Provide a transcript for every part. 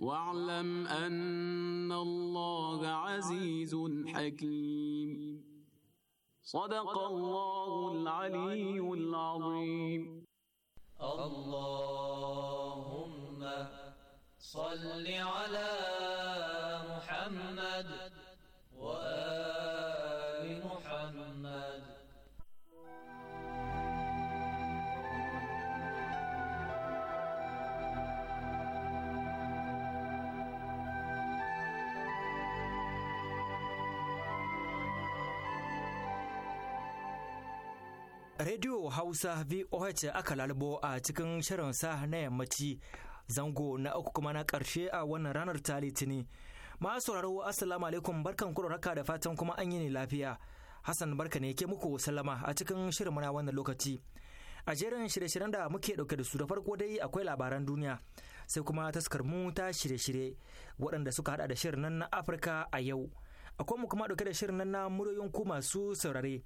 واعلم أن الله عزيز حكيم صدق الله العلي العظيم اللهم صل على محمد وآل Radio Hausa VOH aka lalubo a cikin shirin sa na yammaci zango na uku kuma na ƙarshe a wannan ranar ta litini. Masu sauraro assalamu alaikum barkan kuro raka da fatan kuma an yi ne lafiya. Hassan barka ne ke muku sallama a cikin shirin muna wannan lokaci. A jerin shirye-shiryen da muke dauke da su da farko dai akwai labaran duniya sai kuma taskar mu ta shirye-shirye waɗanda suka hada da shirin nan na Afirka a yau. Akwai mu kuma dauke da shirin nan na muryoyin ku masu saurare.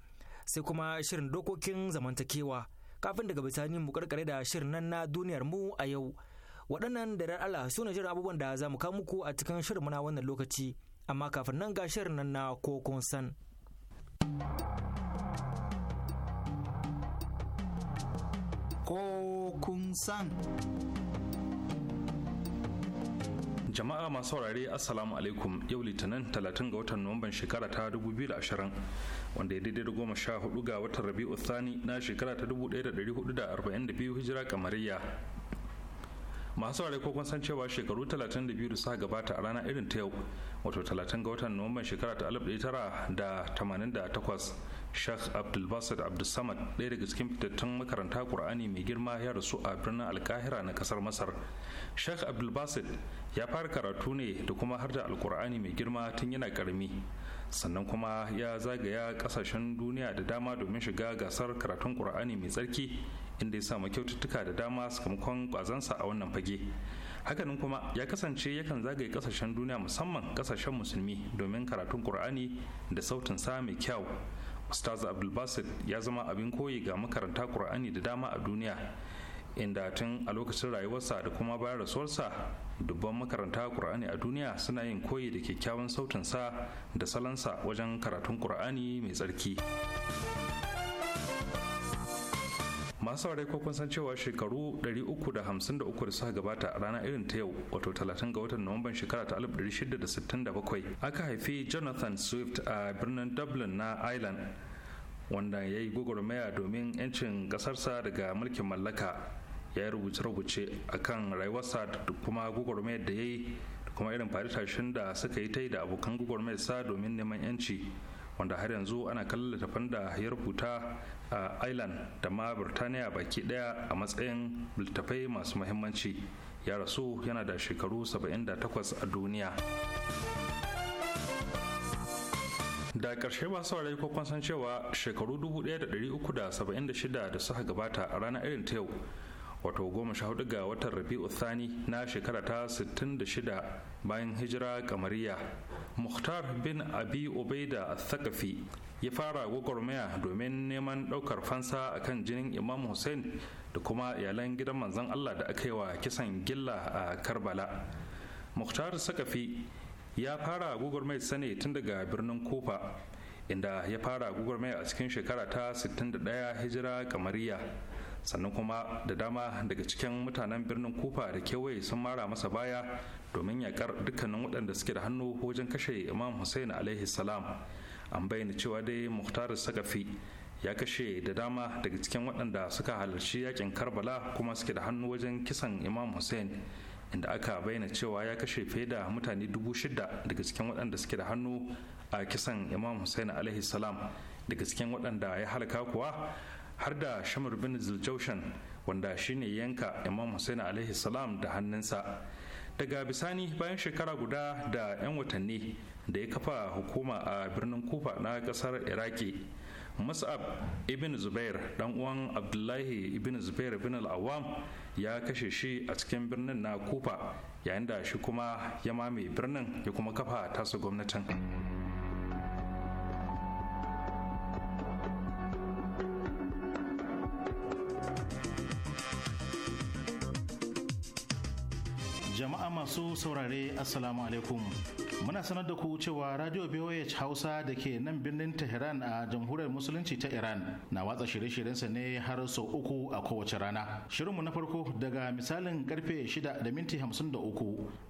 sai kuma shirin dokokin zamantakewa kafin daga bisani mu karkare da shirin nan na duniyar mu a yau waɗannan da ran Allah su ne shirin abubuwan da za mu kawo muku a cikin shirin muna wannan lokaci amma kafin nan ga shirin nan na kokon san kokun san jama'a masu saurare assalamu alaikum yau litinin 30 ga watan nuwamban shekara ta 2020 wanda ya daidai da goma sha hudu ga watan rabi'u thani na shekara ta 1442 hijira kamariya masu saurare ko kun san cewa shekaru 32 da suka gabata a rana irin ta yau wato 30 ga watan nuwamban shekara ta 1988 Sheikh Abdul Basit Abdul Samad ɗaya daga cikin fitattun makaranta Qur'ani mai girma ya rasu a birnin Alkahira na kasar Masar. Sheikh Abdul Basit ya fara karatu ne da kuma harda Alkur'ani mai girma tun yana karami. sannan kuma ya zagaya kasashen duniya da dama domin shiga gasar karatun Qur'ani mai tsarki inda ya samu kyaututtuka da dama sakamakon kwazansa a wannan fage. hakanan kuma ya kasance yakan zagaye kasashen duniya musamman kasashen musulmi domin karatun Qur'ani da sautin sa mai kyau ustaz Basit ya zama abin koyi ga makaranta qur'ani da dama a duniya inda tun a lokacin rayuwarsa da kuma bayan rasuwarsa dubban makaranta qur'ani a duniya suna yin koyi da kyakkyawan sautinsa da salansa wajen karatun qur'ani mai tsarki masu saurare ko kun san cewa shekaru 353 da suka gabata a ranar irin ta yau wato 30 ga watan nuwamban shekara ta 1667 aka haifi jonathan swift a birnin dublin na ireland wanda ya yi gwagwarmaya domin 'yancin kasarsa daga mulkin mallaka ya yi rubuce-rubuce a kan rayuwarsa da kuma gwagwarmayar da ya yi da kuma irin faritashin da suka yi ta yi da abokan gwagwarmayarsa domin neman 'yanci wanda har yanzu ana kallon littafan da ya rubuta a Ireland da ma Birtaniya baki daya a matsayin littattafai masu muhimmanci ya rasu yana da shekaru 78 a duniya. da karshe ba saurari ko san cewa shekaru 1376 da suka gabata a ranar irin ta yau wato goma sha hudu ga watan rabi'u thani na shekara ta shida bayan hijira kamariya muhtar bin abi ubaida sakafi ya fara gwagwarmaya domin neman daukar fansa akan jinin imam hussein da kuma iyalan gidan manzon allah da aka yi wa kisan gilla a karbala muhtar sakafi ya fara gwagwarmaya sane tun daga birnin kofa inda ya fara gwagwarmaya a cikin shekara ta 61 hijira kamariya sannan kuma da dama daga cikin mutanen birnin kufa da kewaye sun mara masa baya domin yakar dukkanin waɗanda suke da hannu wajen kashe imam hussein alaihi salam an bayyana cewa dai muhtar sakafi ya kashe da dama daga cikin waɗanda suka halarci yakin karbala kuma suke da hannu wajen kisan imam hussein inda aka bayyana cewa ya kashe fiye da mutane dubu shida daga cikin waɗanda suke da hannu a kisan imam hussein alaihi salam daga cikin waɗanda ya halaka kuwa har da shamar bin zuljaushan wanda shine yanka imam hussein alaihi salam da hannunsa daga bisani bayan shekara guda da 'yan watanni da ya kafa hukuma a birnin kufa na kasar iraki mus'ab ibn zubair dan uwan abdullahi ibn zubair ibn al'awam ya kashe shi a cikin birnin na kufa yayin da shi kuma ya mame birnin ya kuma kafa tasu gwamnatin masu saurare assalamu alaikum Muna sanar da ku cewa Radio BOH Hausa da ke nan birnin Tehran a Jamhuriyar Musulunci ta Iran na watsa shirye-shiryensa ne har sau uku a kowace rana. Shirinmu na farko daga misalin karfe 6 da minti 53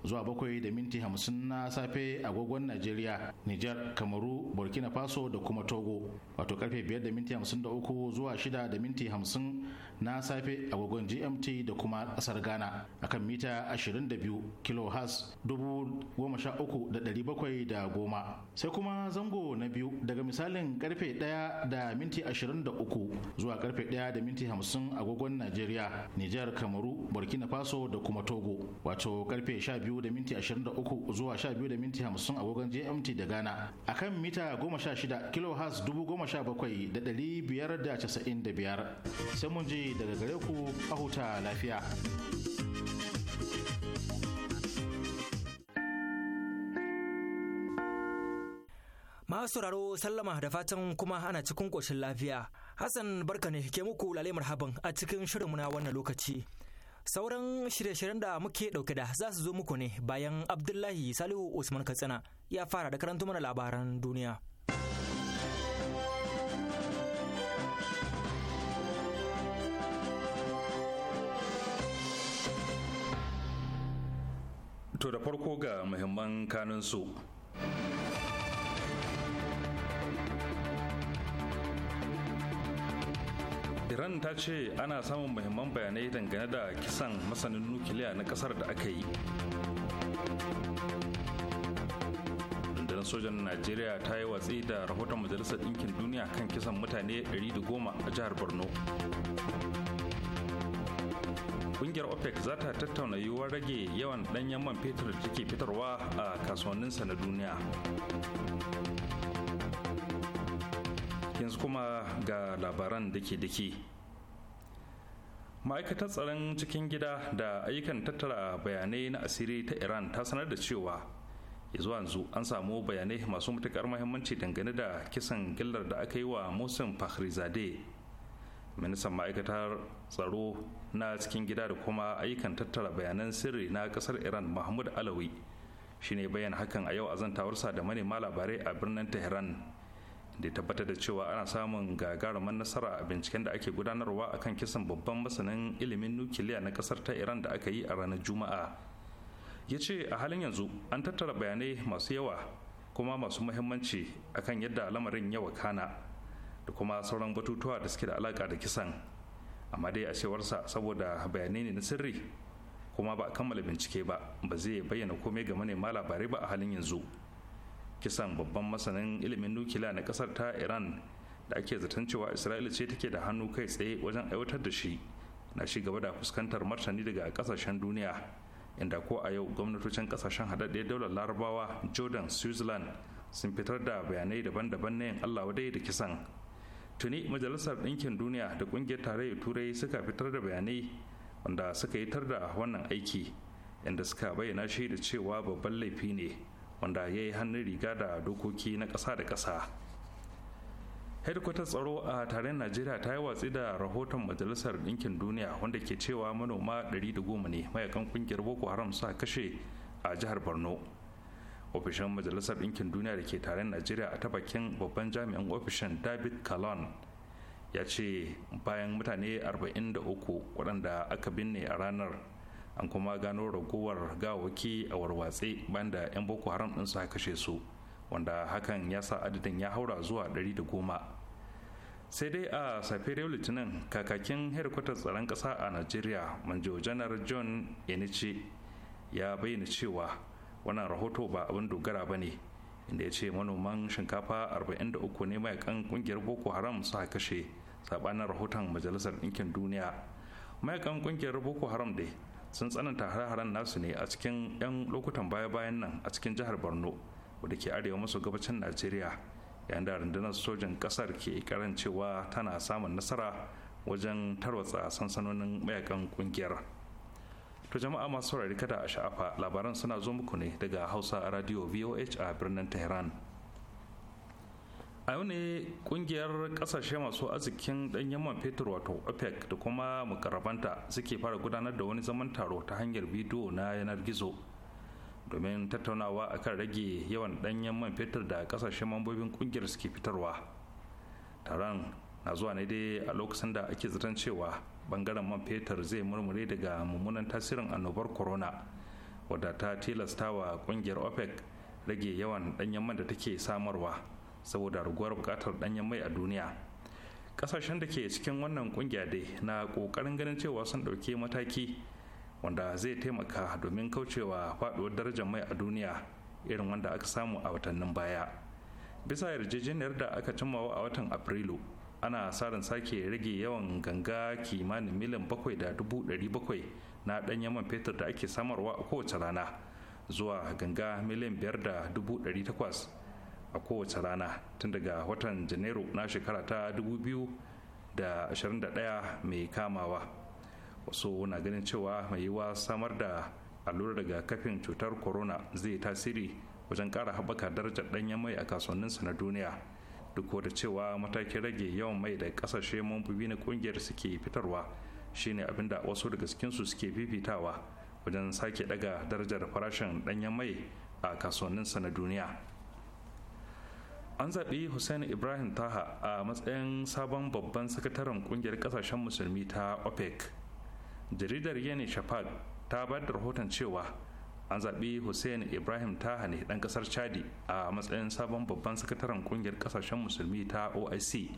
zuwa 7 da minti 50 na safe agogon Najeriya, Nijar, Kamaru, Burkina Faso da kuma Togo. Wato karfe 5 da minti 53 zuwa 6 da minti 50 na safe agogon GMT da kuma kasar Ghana akan mita 22 kHz 13000 da sai kuma zango na biyu daga misalin karfe 1 da minti 23 zuwa karfe 1 da minti 50 agogon Najeriya, Nijar, Kamaru, Burkina Faso da kuma Togo wato karfe 12 da minti 23 zuwa 12 da minti 50 agogon GMT da Ghana a akan mita 16 kHz 517 sai mun ji daga gare ku a huta lafiya. Masu sauraro sallama da fatan kuma ana cikin ƙoshin lafiya. Hassan barka ne ke muku lale marhaban a cikin shirinmu na wannan lokaci. Sauran shirye-shiryen da muke ɗauke da za su zo muku ne bayan Abdullahi Salihu Usman Katsina ya fara da karantu mana labaran duniya. To da farko ga muhimman kanunsu. iran ta ce ana samun muhimman bayanai dangane da kisan masanin nukiliya na kasar da aka yi rundunar sojan najeriya ta yi watsi da rahoton majalisar ɗinkin duniya kan kisan mutane 110 a jihar borno Ƙungiyar opec za ta tattauna yiwuwar rage yawan ɗanyen man fetur da ke fitarwa a kasuwanninsa na duniya yanzu kuma ga labaran dake-dake ma'aikatar tsaron cikin gida da ayyukan tattara bayanai na asiri ta iran ta sanar da cewa zuwa yanzu an samu bayanai masu matukar mahimmanci dangane da kisan gillar da aka yi wa musin fahrizade ministan ma'aikatar tsaro na cikin gida da kuma ayyukan tattara bayanan sirri na ƙasar iran mahmud alawi shine bayan hakan a yau a zan azantawarsa da manema labarai a birnin tehran da tabbatar da cewa ana samun gagarumin nasara a binciken da ake gudanarwa akan kisan babban masanin ilimin nukiliya na kasar ta iran da aka yi a ranar juma'a ya ce a halin yanzu an tattara bayanai masu yawa kuma masu muhimmanci akan yadda lamarin yawa kana da kuma sauran batutuwa da suke da alaka da kisan amma dai a cewarsa saboda bayanai ne na sirri kuma ba a kammala bincike ba ba zai bayyana komai ga manema labarai ba a halin yanzu kisan babban masanin ilimin nukiliya na kasar ta iran da ake zaton cewa isra'ila ce take da hannu kai tsaye wajen aiwatar da shi na shi gaba da fuskantar martani daga kasashen duniya inda ko a yau gwamnatocin kasashen haɗaɗɗe daular larabawa jordan switzerland sun fitar da bayanai daban-daban na yin allah wadai da kisan tuni majalisar ɗinkin duniya da ƙungiyar tarayyar turai suka fitar da bayanai wanda suka yi tar da wannan aiki inda suka bayyana shi da cewa babban laifi ne wanda ya yi hannun riga da dokoki na ƙasa da ƙasa hedkwatar tsaro a tarayyar najeriya ta yi watsi da rahoton majalisar ɗinkin duniya wanda ke cewa manoma 110 ne mayakan kungiyar boko haram sa kashe a jihar borno ofishin majalisar ɗinkin duniya da ke tarayyar najeriya a ta bakin babban jami'in ofishin david kalon ya ce bayan mutane 43 waɗanda aka binne a ranar an kuma gano ragowar gawaki a warwatse banda 'yan boko haram din su kashe su wanda hakan ya sa adadin ya haura zuwa 110 sai dai a safiyar litinin kakakin herkutar tsaron ƙasa a najeriya manjo janar john enichi ya bayyana cewa wannan rahoto ba abin dogara ba ne inda ya ce manoman shinkafa 43 ne mayakan kungiyar boko haram su kashe sabanin rahoton majalisar ɗinkin duniya mayakan kungiyar boko haram dai sun tsananta hare-haren nasu ne a cikin 'yan lokutan baya-bayan nan a cikin jihar borno wadda ke arewa maso gabacin najeriya yayin da rundunar sojan kasar ke karancewa tana samun nasara wajen tarwatsa sansanonin mayakan kungiyar to jama'a masu saurari kada a sha'afa labaran suna zo muku ne daga hausa radio voh a birnin tehran a yau ne kungiyar kasashe masu arzikin ɗanyen man fetur wato opec da kuma mukarrabanta suke fara gudanar da wani zaman taro ta hanyar bidiyo na yanar gizo domin tattaunawa akan rage yawan ɗanyen man fetur da kasashen mambobin kungiyar suke fitarwa taron na zuwa ne dai a lokacin da ake zaton cewa bangaren man fetur zai murmure daga mummunan tasirin annobar corona wadda ta tilasta wa kungiyar opec rage yawan danyen man da take samarwa saboda raguwar bukatar danyen mai a duniya kasashen da ke cikin wannan kungiya dai na kokarin ganin cewa sun ɗauki mataki wanda zai taimaka domin kaucewa faɗuwar darajar mai a duniya irin wanda aka samu a watannin baya bisa yarjejeniyar da aka cimmawa a watan afrilu ana sarin sake rage yawan ganga kimanin miliyan bakwai da dubu ɗari bakwai na ɗanyen man fetur da ake samarwa a kowace rana zuwa ganga miliyan biyar da dubu ɗari takwas a kowace rana tun daga watan janairu na shekara ta 2021 mai kamawa wasu na ganin cewa mai yiwa samar da allurar kafin cutar corona zai tasiri wajen ƙara haɓaka darajar ɗanyen mai a kasuwanninsa na duniya duk da cewa matakin rage yawan mai da ƙasashe mambobi na ƙungiyar suke fitarwa shine abin da wasu daga cikinsu suke fifitawa wajen sake daga darajar farashin ɗanyen mai a kasuwanninsa na duniya an zaɓi hussein ibrahim taha a matsayin sabon babban sakataren ƙungiyar ƙasashen musulmi ta opec jaridar yeni shafak ta bayar da rahoton cewa an zaɓi hussein ibrahim taha ne ɗan ƙasar chadi a matsayin sabon babban sakataren ƙungiyar ƙasashen musulmi ta oic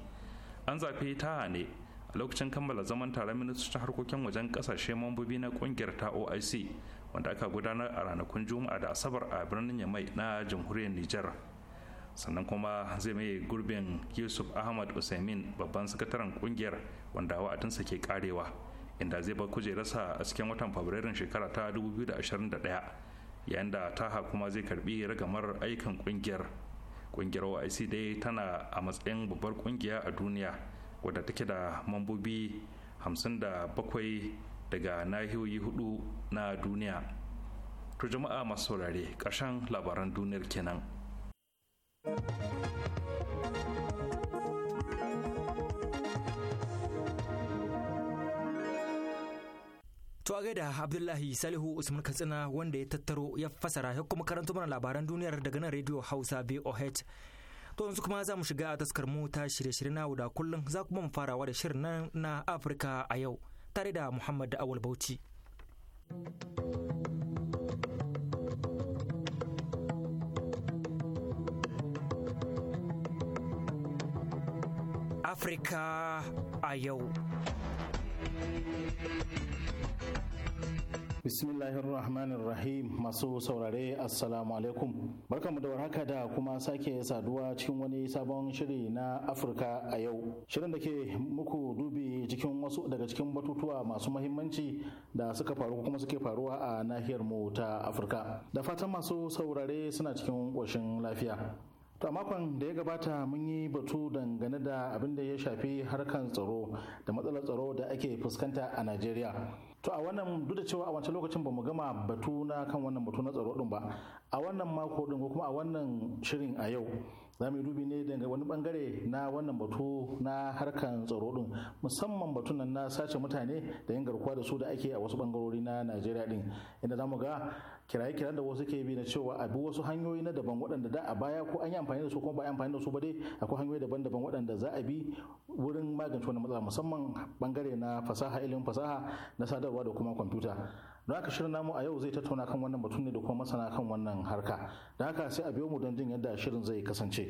an zaɓi taha ne a lokacin kammala zaman taron ministocin harkokin wajen ƙasashe mambobi na ƙungiyar ta oic wanda aka gudanar a ranakun juma'a da asabar a birnin yamai na jamhuriyar nijar sannan kuma zai mai gurbin yusuf ahmad usaimin babban sakataren kungiyar wanda wa'adinsa ke karewa inda zai bar kujerarsa a cikin watan fabrairun shekara ta 2021 yayin da taha kuma zai karbi ragamar aikin kungiyar kungiyar oic dai tana a matsayin babbar kungiya a duniya wadda take da mambobi 57 daga nahiyoyi hudu na duniya to jama'a masu saurare ƙarshen labaran duniyar kenan. To a gaida Abdullahi Salihu Usman Katsina wanda ya tattaro ya fasara ya kuma karanta mana labaran duniyar daga nan Radio Hausa BOH. To yanzu kuma za mu shiga taskar mu ta shirye-shirye na da kullum za kuma mu farawa da shirin na Afirka a yau tare da Muhammad Awal Bauchi. Afirka a yau. Bismillahirrahmanirrahim masu saurare assalamu alaikum. Barkamu da warhaka da kuma sake saduwa cikin wani sabon shiri na Afirka a yau. Shirin da ke muku dubi cikin wasu daga cikin batutuwa masu mahimmanci da suka faru kuma suke faruwa a nahiyar mu ta Afirka. Da fatan masu saurare suna cikin ƙoshin lafiya. To makon da ya gabata mun yi batu dangane da abin da ya shafi harkan tsaro da matsalar tsaro da ake fuskanta a Najeriya. To a wannan duk da cewa a wancan lokacin ba mu gama batu na kan wannan batu na tsaro din ba. A wannan mako din ko kuma a wannan shirin a yau za mu dubi ne daga wani bangare na wannan batu na harkan tsaro din musamman batun nan na sace mutane da yin garkuwa da su da ake a wasu bangarori na najeriya din inda za ga kiraye-kiran da wasu ke bi na cewa a bi wasu hanyoyi na daban waɗanda da a baya ko an yi amfani da su kuma ba a amfani da su ba dai akwai hanyoyi daban-daban waɗanda za a bi wurin magance wannan matsala musamman bangare na fasaha ilimin fasaha na sadarwa da kuma kwamfuta don haka shirin namu a yau zai tattauna kan wannan batun ne da kuma masana kan wannan harka da haka sai a biyo mu don jin yadda shirin zai kasance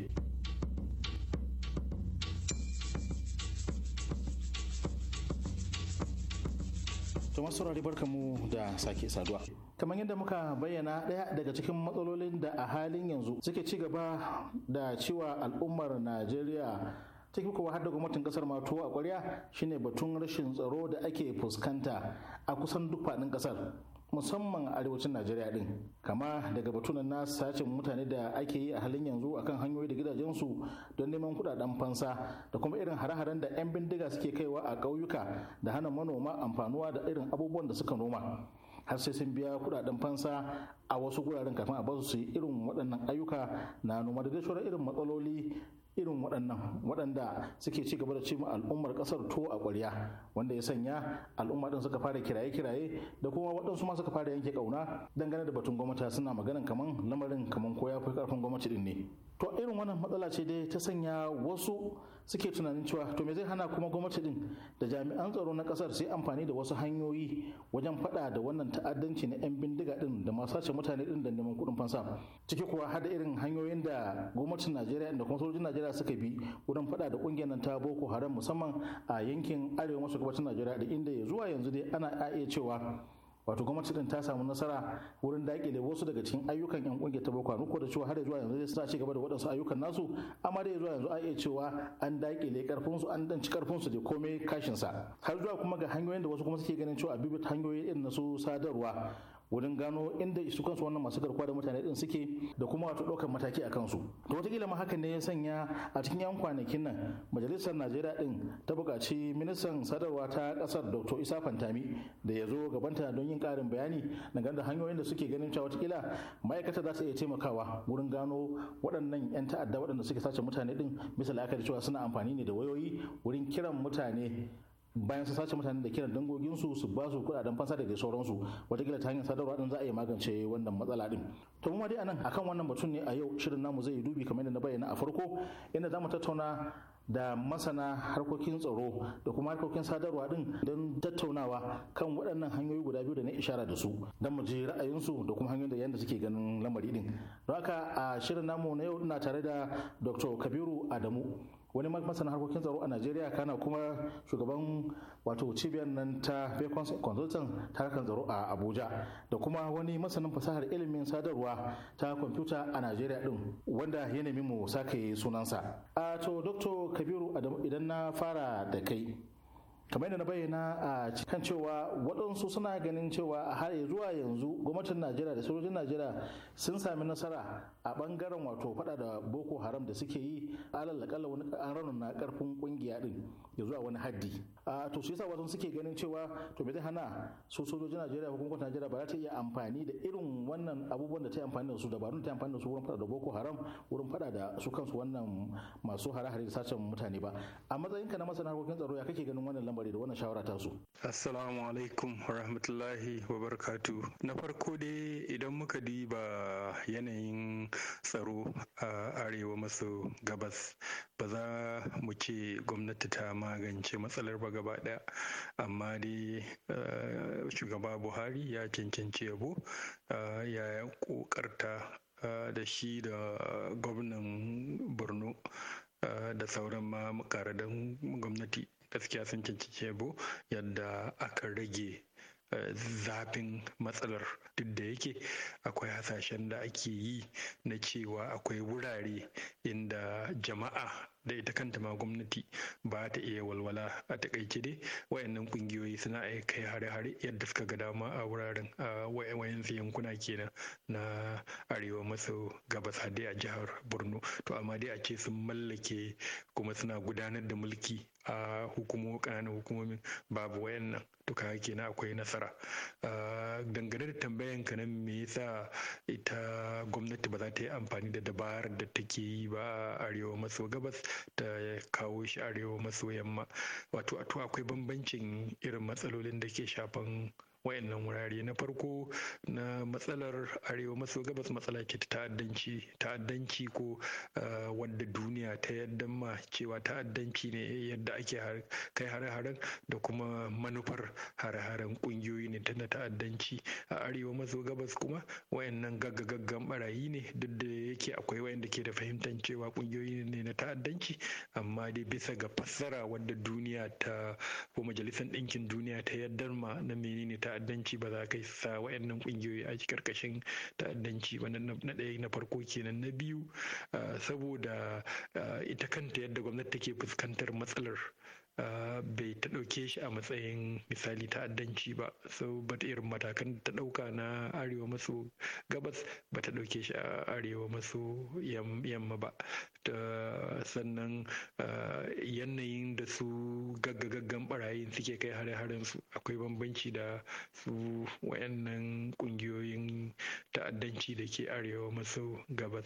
to masu mu da sake saduwa kamar yadda muka bayyana ɗaya daga cikin matsalolin da a halin yanzu suke ci gaba da cewa al'ummar najeriya ta kuwa har da gwamnatin kasar matuwa a kwarya shine batun rashin tsaro da ake fuskanta a kusan duk faɗin kasar musamman a arewacin najeriya din kama daga batunan na sacin mutane da ake yi a halin yanzu akan hanyoyi da gidajensu don neman kudaden fansa da kuma irin hare-haren da 'yan bindiga suke kaiwa a ƙauyuka da hana manoma amfanuwa da irin abubuwan da suka noma har sai sun biya kudaden fansa a wasu guraren kafin a basu su yi irin waɗannan ayyuka na noma da irin matsaloli irin waɗannan waɗanda suke ci gaba da ci al'ummar ƙasar to a ƙwarya wanda ya sanya al'umma ɗin suka fara kiraye-kiraye da kuma waɗansu ma suka fara yanke ƙauna dangane da batun gwamnati suna maganan kaman lamarin kaman ko ya fi ƙarfin gwamnati ɗin ne to irin wannan matsala ce dai ta sanya wasu suke tunanin cewa to me zai hana kuma gwamnati din da jami'an tsaro na kasar sai amfani da wasu hanyoyi wajen fada da wannan ta'addanci na 'yan bindiga din da masu sace mutane din da neman kuɗin fansa ciki kuwa har da irin hanyoyin da gwamnatin najeriya da kuma sojojin najeriya suka bi wurin fada da kungiyar nan ta boko haram musamman a yankin arewa maso gabashin najeriya da inda ya zuwa yanzu dai ana iya cewa wato gwamnati din ta samu nasara wurin dakile wasu daga cikin ayyukan yan kungiyar ta boko haram ko da cewa har zuwa yanzu suna ci gaba da waɗansu ayyukan nasu amma dai zuwa yanzu a iya cewa an dakile karfin su an danci karfin su da komai kashin sa har zuwa kuma ga hanyoyin da wasu kuma suke ganin cewa bibi hanyoyi irin na su sadarwa wurin gano inda su kansu wannan masu garkuwa da mutane din suke da kuma wato ɗaukar mataki a kansu to wataƙila ma haka ne ya sanya a cikin 'yan kwanakin nan majalisar najeriya din ta buƙaci ministan sadarwa ta ƙasar dr isa fantami da ya zo gabanta don yin karin bayani dangane da hanyoyin da suke ganin cewa wataƙila ma'aikata za su iya taimakawa wurin gano waɗannan 'yan ta'adda waɗanda suke sace mutane din misali aka cewa suna amfani ne da wayoyi wurin kiran mutane bayan su sace mutane da kiran dangoginsu su ba su kudaden fansa da sauransu watakila ta hanyar sadarwa din za a yi magance wannan matsala din to mu dai anan akan wannan batun ne a yau shirin namu zai yi dubi kamar yadda na bayyana a farko inda zamu tattauna da masana harkokin tsaro da kuma harkokin sadarwa din don tattaunawa kan waɗannan hanyoyi guda biyu da na ishara da su don mu ji ra'ayinsu da kuma hanyoyin da yadda suke ganin lamari din don haka a shirin namu na yau ina tare da dr kabiru adamu wani masana harkokin tsaro a najeriya kana kuma shugaban wato cibiyar nan ta bacon consultant ta harkar tsaro a abuja da kuma wani masanin fasahar ilimin sadarwa ta kwamfuta a najeriya din wanda ya nemi mu sake sunansa a to dr kabiru idan na fara da kai kamar da na bayyana a kan cewa waɗansu suna ganin cewa a har zuwa yanzu gwamnatin najeriya da sojojin najeriya sun sami nasara a bangaren wato fada da boko haram da suke yi alal kalla wani an ranon na karfin kungiya din ya zuwa wani haddi a to su yasa wasu suke ganin cewa to bai zai hana su sojojin Najeriya ko gwamnatin Najeriya ba za ta iya amfani da irin wannan abubuwan da ta yi amfani da su dabarun ta amfani da su wurin fada da boko haram wurin fada da su kansu wannan masu hare-hare da sacin mutane ba a matsayin ka na masana harkokin tsaro ya kake ganin wannan lamari da wannan shawara ta su assalamu alaikum wa rahmatullahi wa barkatu. na farko dai idan muka diba yanayin tsaro a arewa maso gabas ba za mu ce gwamnati ta magance matsalar ba gaba ɗaya, amma dai eh, shugaba buhari ya cancanci yabo eh, ya ƙoƙarta, eh, da shi da gwamnan borno da sauran ma makaradan gwamnati gaskiya sun cancanci yabo yadda aka rage Eh, zafin matsalar duk da yake akwai hasashen da ake yi na cewa akwai wurare inda jama'a da ita kanta ma gwamnati ba ta iya walwala a takaice dai wayannan ƙungiyoyi suna kai hare-hare yadda suka ga dama a wuraren A wayansu yankuna kenan na arewa maso gabas dai a jihar borno to amma dai a ce sun mallake kuma suna gudanar da mulki a hukumomin ƙananan hukumomin babu nan to kaga kenan akwai nasara dangane da tambayan ka nan me yasa ita gwamnati ba za ta yi amfani da dabarar da take yi ba a arewa maso gabas ta kawo shi arewa maso yamma wato a akwai bambancin irin matsalolin da ke shafan wayannan wurare na farko na matsalar arewa maso gabas matsala ke ta ta'addanci ta'addanci ko ah, wadda duniya ta yadda ma cewa ta'addanci ne eh, yadda ake kai hare-haren da kuma manufar hare-haren kungiyoyi ne ta ta'addanci a arewa maso gabas kuma wayannan gaggagaggan barayi ne duk da yake akwai wayanda ke da fahimtar cewa kungiyoyi ne na ta'addanci amma dai bisa ga fassara wadda duniya ta ko majalisar ɗinkin duniya ta yadda ma na menene ta ta'addanci ba za ka sa wa'annan kungiyoyi a karkashin ta'addanci ba na ɗaya na farko kenan na biyu ah, saboda ah, ita kanta yadda gwamnati take fuskantar matsalar Uh, bai ta ɗauke shi a matsayin misali ta'addanci ba so bata irin matakan da ta ɗauka na arewa maso gabas ba ta ɗauke shi a arewa maso yamma ba sannan uh, yanayin da su gaggagaggan barayin suke kai hare-haren su akwai bambanci da su wayannan ƙungiyoyin ta'addanci da ke arewa maso gabas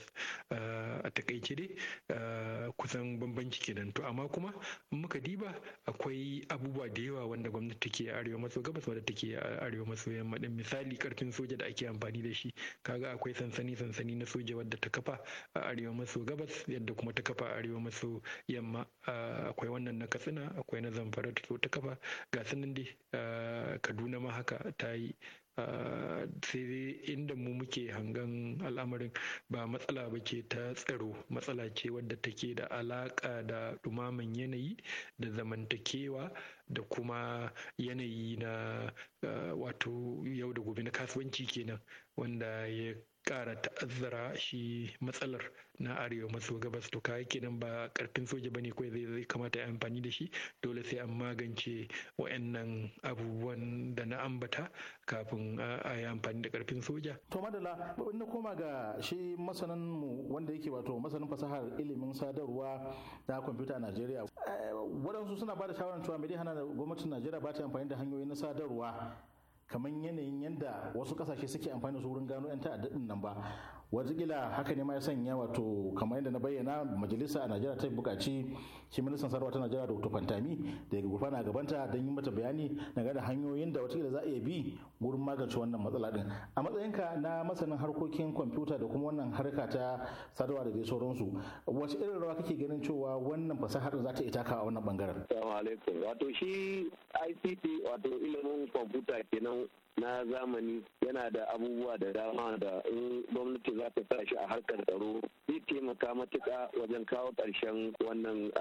uh, a takaice dai kusan bambanci kenan to amma kuma muka diba akwai abubuwa da yawa wanda gwamnati take a arewa maso gabas wadda take a arewa maso yamma din misali karfin soja da ake amfani da shi kaga akwai sansani sansani na soja wadda ta kafa a arewa maso gabas yadda kuma ta kafa a arewa maso yamma akwai wannan na katsina akwai na zamfara ta ta kafa ga sanin dai kaduna ma haka ta yi Eh, sai dai inda mu muke hangen al'amarin ba matsala ba ke ta tsaro matsala ce wadda take da alaka da dumaman yanayi da zamantakewa da kuma yanayi na eh, wato yau da gobe na kasuwanci kenan wanda ya ƙara ta'azzara shi matsalar na arewa maso gabas to kayi kenan ba karfin soja bane kawai zai zai kamata ya amfani da shi dole sai an magance wa'annan abubuwan da na ambata kafin a yi amfani da karfin soja. To madala in na koma ga shi masanin mu wanda yake wato masanin fasahar ilimin sadarwa da kwamfuta a Najeriya. Eh, waɗansu suna ba da shawarar cewa mai hana gwamnatin Najeriya ba ta amfani da hanyoyi na sadarwa kamar yanayin yadda wasu kasashe suke amfani da su wurin gano 'yan ta'adda nan ba watakila haka ne ma ya sanya wato kamar yadda na bayyana majalisa a najeriya ta bukaci shi ministan sarwa ta najeriya dr fantami da ya gurfana gabanta don yi mata bayani na gada hanyoyin da watakila za a bi wurin magance wannan matsala din a matsayinka na masanin harkokin kwamfuta da kuma wannan harka ta sadarwa da dai sauransu wace irin rawa kake ganin cewa wannan fasahar za ta itaka a wannan bangaren assalamu alaikum wato shi ICT wato ilimin kwamfuta kenan na zamani yana da abubuwa da dama da in gwamnati za ta sa shi a harkar tsaro zai taimaka matuka wajen kawo ƙarshen wannan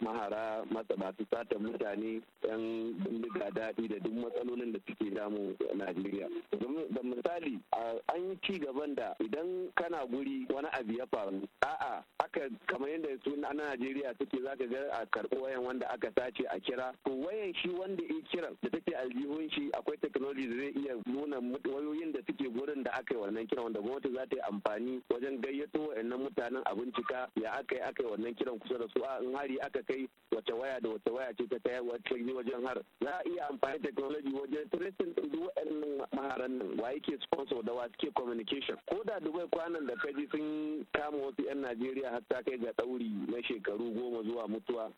mahara masa masu satan mutane yan bindiga daɗi da duk matsalolin da suke damu Najeriya. Da misali an yi ci gaban da idan kana guri wani abu ya faru a'a aka kamar yadda su na Najeriya suke zaka ga a karɓi wayan wanda aka sace a kira to wayan shi wanda ya kiran da take aljihun shi akwai technology zai iya nuna wayoyin da suke gurin da aka yi wannan kiran wanda gwamnati za ta yi amfani amfani wajen gayyato wayannan mutanen a bincika ya aka yi aka yi wannan kiran kusa da su a in hari aka kai wace waya da wace waya ce ta kai wace wajen har za a iya amfani technology wajen tracing ɗin duk wayannan maharan nan wa yake sponsor da wa suke communication ko da dubai kwanan da kaji sun kama wasu yan najeriya har ta kai ga dauri na shekaru goma zuwa mutuwa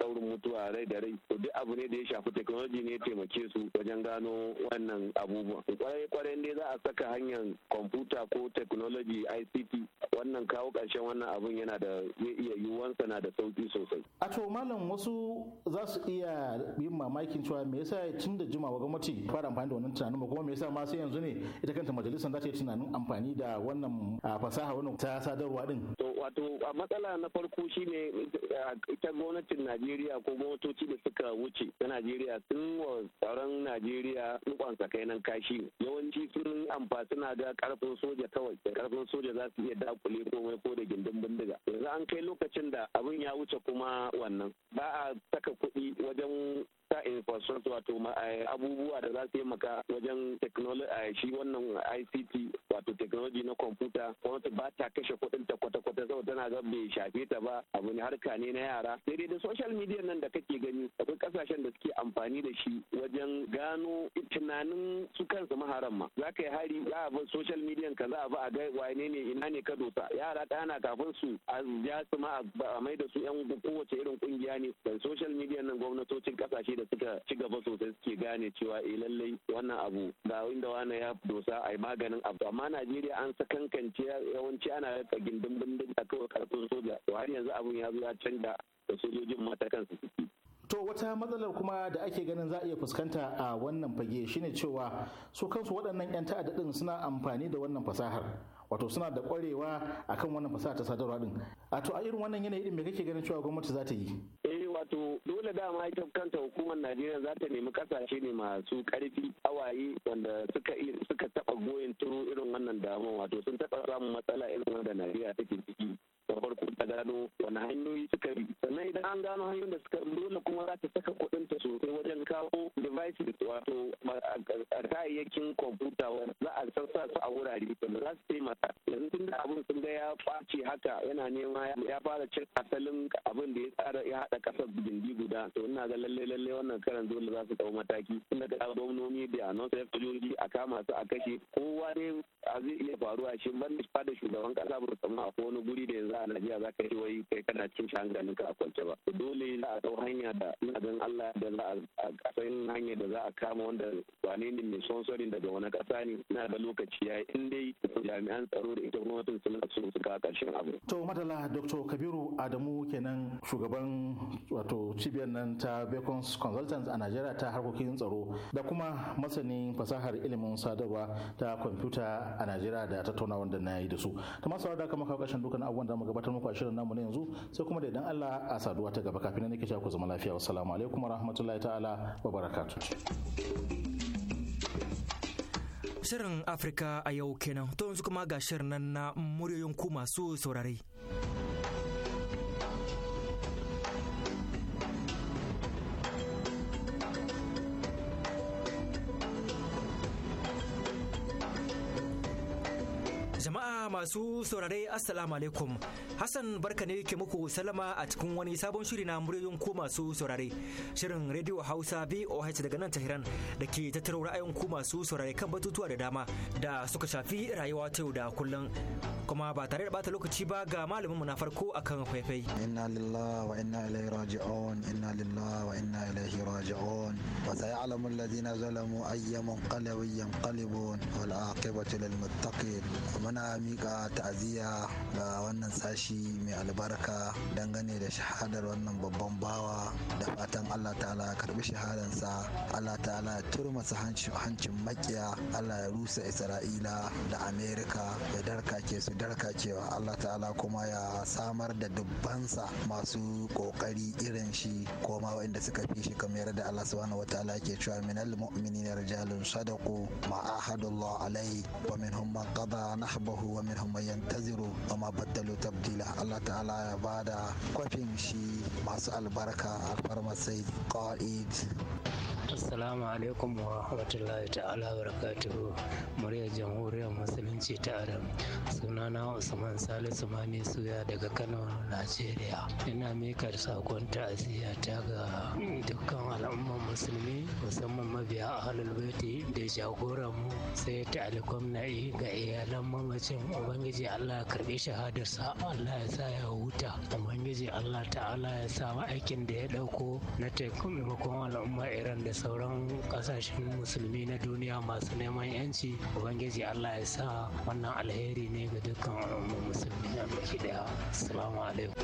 daurin mutuwa rai da rai to duk abu ne da ya shafi technology ne ya taimake su wajen gano wannan abubuwa kwarai kwarai dai za a saka hanyar kwamfuta ko technology bi ICT wannan kawo ƙarshen wannan abun yana da zai iya yiwuwansa na da sauki sosai. A to malam wasu za su iya yin mamakin cewa me yasa tun da jimawa gwamnati fara amfani da wannan tunanin kuma me yasa ma sai yanzu ne ita kanta majalisar za ta yi tunanin amfani da wannan fasaha wannan ta sadarwa din. To wato a matsala na farko shine ita gwamnatin Najeriya ko gwamnatoci da suka wuce ta Najeriya sun wa tsaron Najeriya kai sakainan kashi yawanci sun amfa suna ga karfin soja kawai da dakarun soja za su iya dakule komai ko da gindin bindiga yanzu an kai lokacin da abin ya wuce kuma wannan ba a saka kuɗi wajen sa infrastructure wato eh, abubuwa da za su taimaka wajen technology eh, shi wannan ICT wato technology na kwamfuta gwamnati ba ta kashe kuɗin ta kwata-kwata saboda tana ga bai shafe ta ba abu ne harka ne na yara sai dai da social media nan da kake gani akwai kasashen da suke amfani da shi wajen gano tunanin su kansu maharan ma za ka yi hari za a bar social media ka za a ba a ga wane ne ina ne ka dosa yara ɗana kafin su a ja su ma a mai da su yan kowace irin kungiya ne da social media nan gwamnatocin kasashe da suka ci gaba sosai suke gane cewa eh lallai wannan abu ga inda wani ya dosa a maganin abu amma najeriya an sakankance yawanci ana yaka gindin bindin a kawai karfin soja to har yanzu abun ya zo ya canza da sojojin mata kansu To wata matsalar kuma da ake ganin za a iya fuskanta a wannan fage shine cewa su kansu waɗannan 'yan ta'adda suna amfani da wannan fasahar wato suna da kwarewa akan wannan fasaha ta sadarwa din a to a irin wannan yanayi din me kake ganin cewa gwamnati za ta yi eh wato dole dama ita kanta hukumar Najeriya za ta nemi kasashe ne masu karfi awaye wanda suka suka taba goyin turo irin wannan damuwa wato sun taba samun matsala irin wanda Najeriya take ciki da farko ta gano wani hanyoyi suka bi sannan idan an gano hanyoyin da suka dole kuma za ta saka kuɗin ta sosai wajen kawo devices wato kayayyakin kwamfuta za a sassa su a wurare da za su taimaka yanzu tun da abin sun ga ya ɓace haka yana nema ya fara cin asalin abin da ya tsara ya haɗa ƙasar gindi guda to ina ga lalle lalle wannan karan dole za su ɗau mataki tun daga gwamnoni da non sojoji a kama su a kashe kowa ne a zai iya faruwa shi ban da shugaban ƙasa ba a wani guri da yanzu a Najeriya za ka yi wai kai kana cin shi hankalin ka a kwance ba dole za a ɗau hanya da ina gan Allah da za a kasan hanya da za a kama wanda wane ne mai sponsorin daga wani kasa ne na da lokaci yi in dai jami'an tsaro da ita gwamnatin sun su su ka ƙarshen abu to madala Dr. Kabiru Adamu kenan shugaban wato cibiyar nan ta Beacons Consultants a Najeriya ta harkokin tsaro da kuma masanin fasahar ilimin sadarwa ta kwamfuta a Najeriya da tattaunawar da na yi da su. Kamar sauran da kamar kawo ƙarshen dukkan abubuwan da muka gabatar muku a shirin namu na yanzu sai kuma da idan Allah a saduwa ta gaba kafin nake ku zama lafiya wassalamu alaikum warahmatullahi ta'ala wa barakatuh Shirin Afirka a yau kenan to yanzu kuma ga shirin nan na muryoyin ku masu saurare. masu saurare assalamu alaikum hassan barka ne ke muku salama a cikin wani sabon shiri na muryoyin ku masu saurare shirin radio hausa voh daga nan tahiran da ke tattaro ra'ayin ku masu saurare kan batutuwa da dama da suka shafi rayuwa ta yau da kullum kuma ba tare da bata lokaci ba ga malamin mu na farko akan faifai inna lillahi wa inna ilaihi raji'un inna lillahi wa inna ilaihi raji'un wa sayalamu alladhina zalamu ayyaman qalbin qalibun wal aqibatu lil muttaqin muna miƙa ta ta'aziyya ga wannan sashi mai albarka dangane da shahadar wannan babban bawa da fatan Allah ta'ala karbi shahadansa Allah ta'ala turmasa hancin makiya Allah ya rusa Isra'ila da Amerika ya darkake su darkakewa Allah ta'ala kuma ya samar da dubbansa masu kokari irin shi ko ma waɗanda suka fi shi kamar da Allah subhanahu wataala ke cewa minal mu'minina rijalun sadaqu ma ahadullah alai wa minhum man qada nahbahu wa min hum yantaziru wa ma tabdila Allah ta'ala ya bada kwafin shi masu albarka alfarmasai qa'id Assalamu alaikum wa rahmatullahi ta'ala barakatuhu murya jamhuriyar musulunci ta Adam. Sunana Usman Salisu Mani Suya daga Kano, Najeriya. Ina mika sakon ta'aziyya ta ga dukkan al'ummar musulmi musamman mabiya ahlul baiti da jagora mu sai ta yi ga iyalan mamacin ubangiji Allah ya karbi shahadarsa Allah ya sa ya huta ubangiji Allah ta'ala ya sa aikin da ya dauko na taimakon al'umma iran da sauran kasashen musulmi na duniya masu neman yanci ubangiji allah ya sa wannan alheri ne ga dukkan musulmi na baki daya assalamu alaikum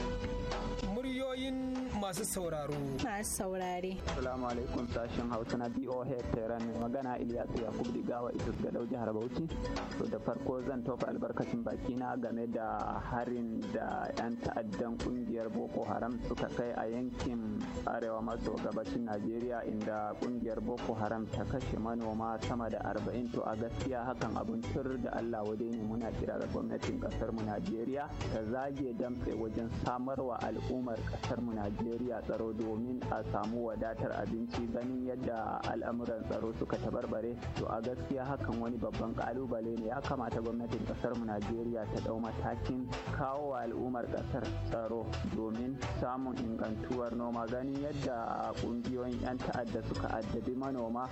muryoyin masu sauraro masu saurare assalamu alaikum sashen hausa na boh tehran magana ilyas yakub digawa idris gadau jihar bauchi to da farko zan tofa albarkacin bakina game da harin da yan ta'addan kungiyar boko haram suka kai a yankin arewa maso gabashin najeriya inda Ƙungiyar boko haram ta kashe manoma sama da arba'in to a gaskiya hakan abin tur da allah wadai ne muna kira ga gwamnatin kasar mu najeriya ta zage damtse wajen samarwa al'ummar kasar mu najeriya tsaro domin a samu wadatar abinci ganin yadda al'amuran tsaro suka tabarbare to a gaskiya hakan wani babban kalubale ne ya kamata gwamnatin kasar mu najeriya ta dau matakin kawo wa al'ummar kasar tsaro domin samun ingantuwar noma ganin yadda ƙungiyoyin 'yan ta'adda suka addabi manoma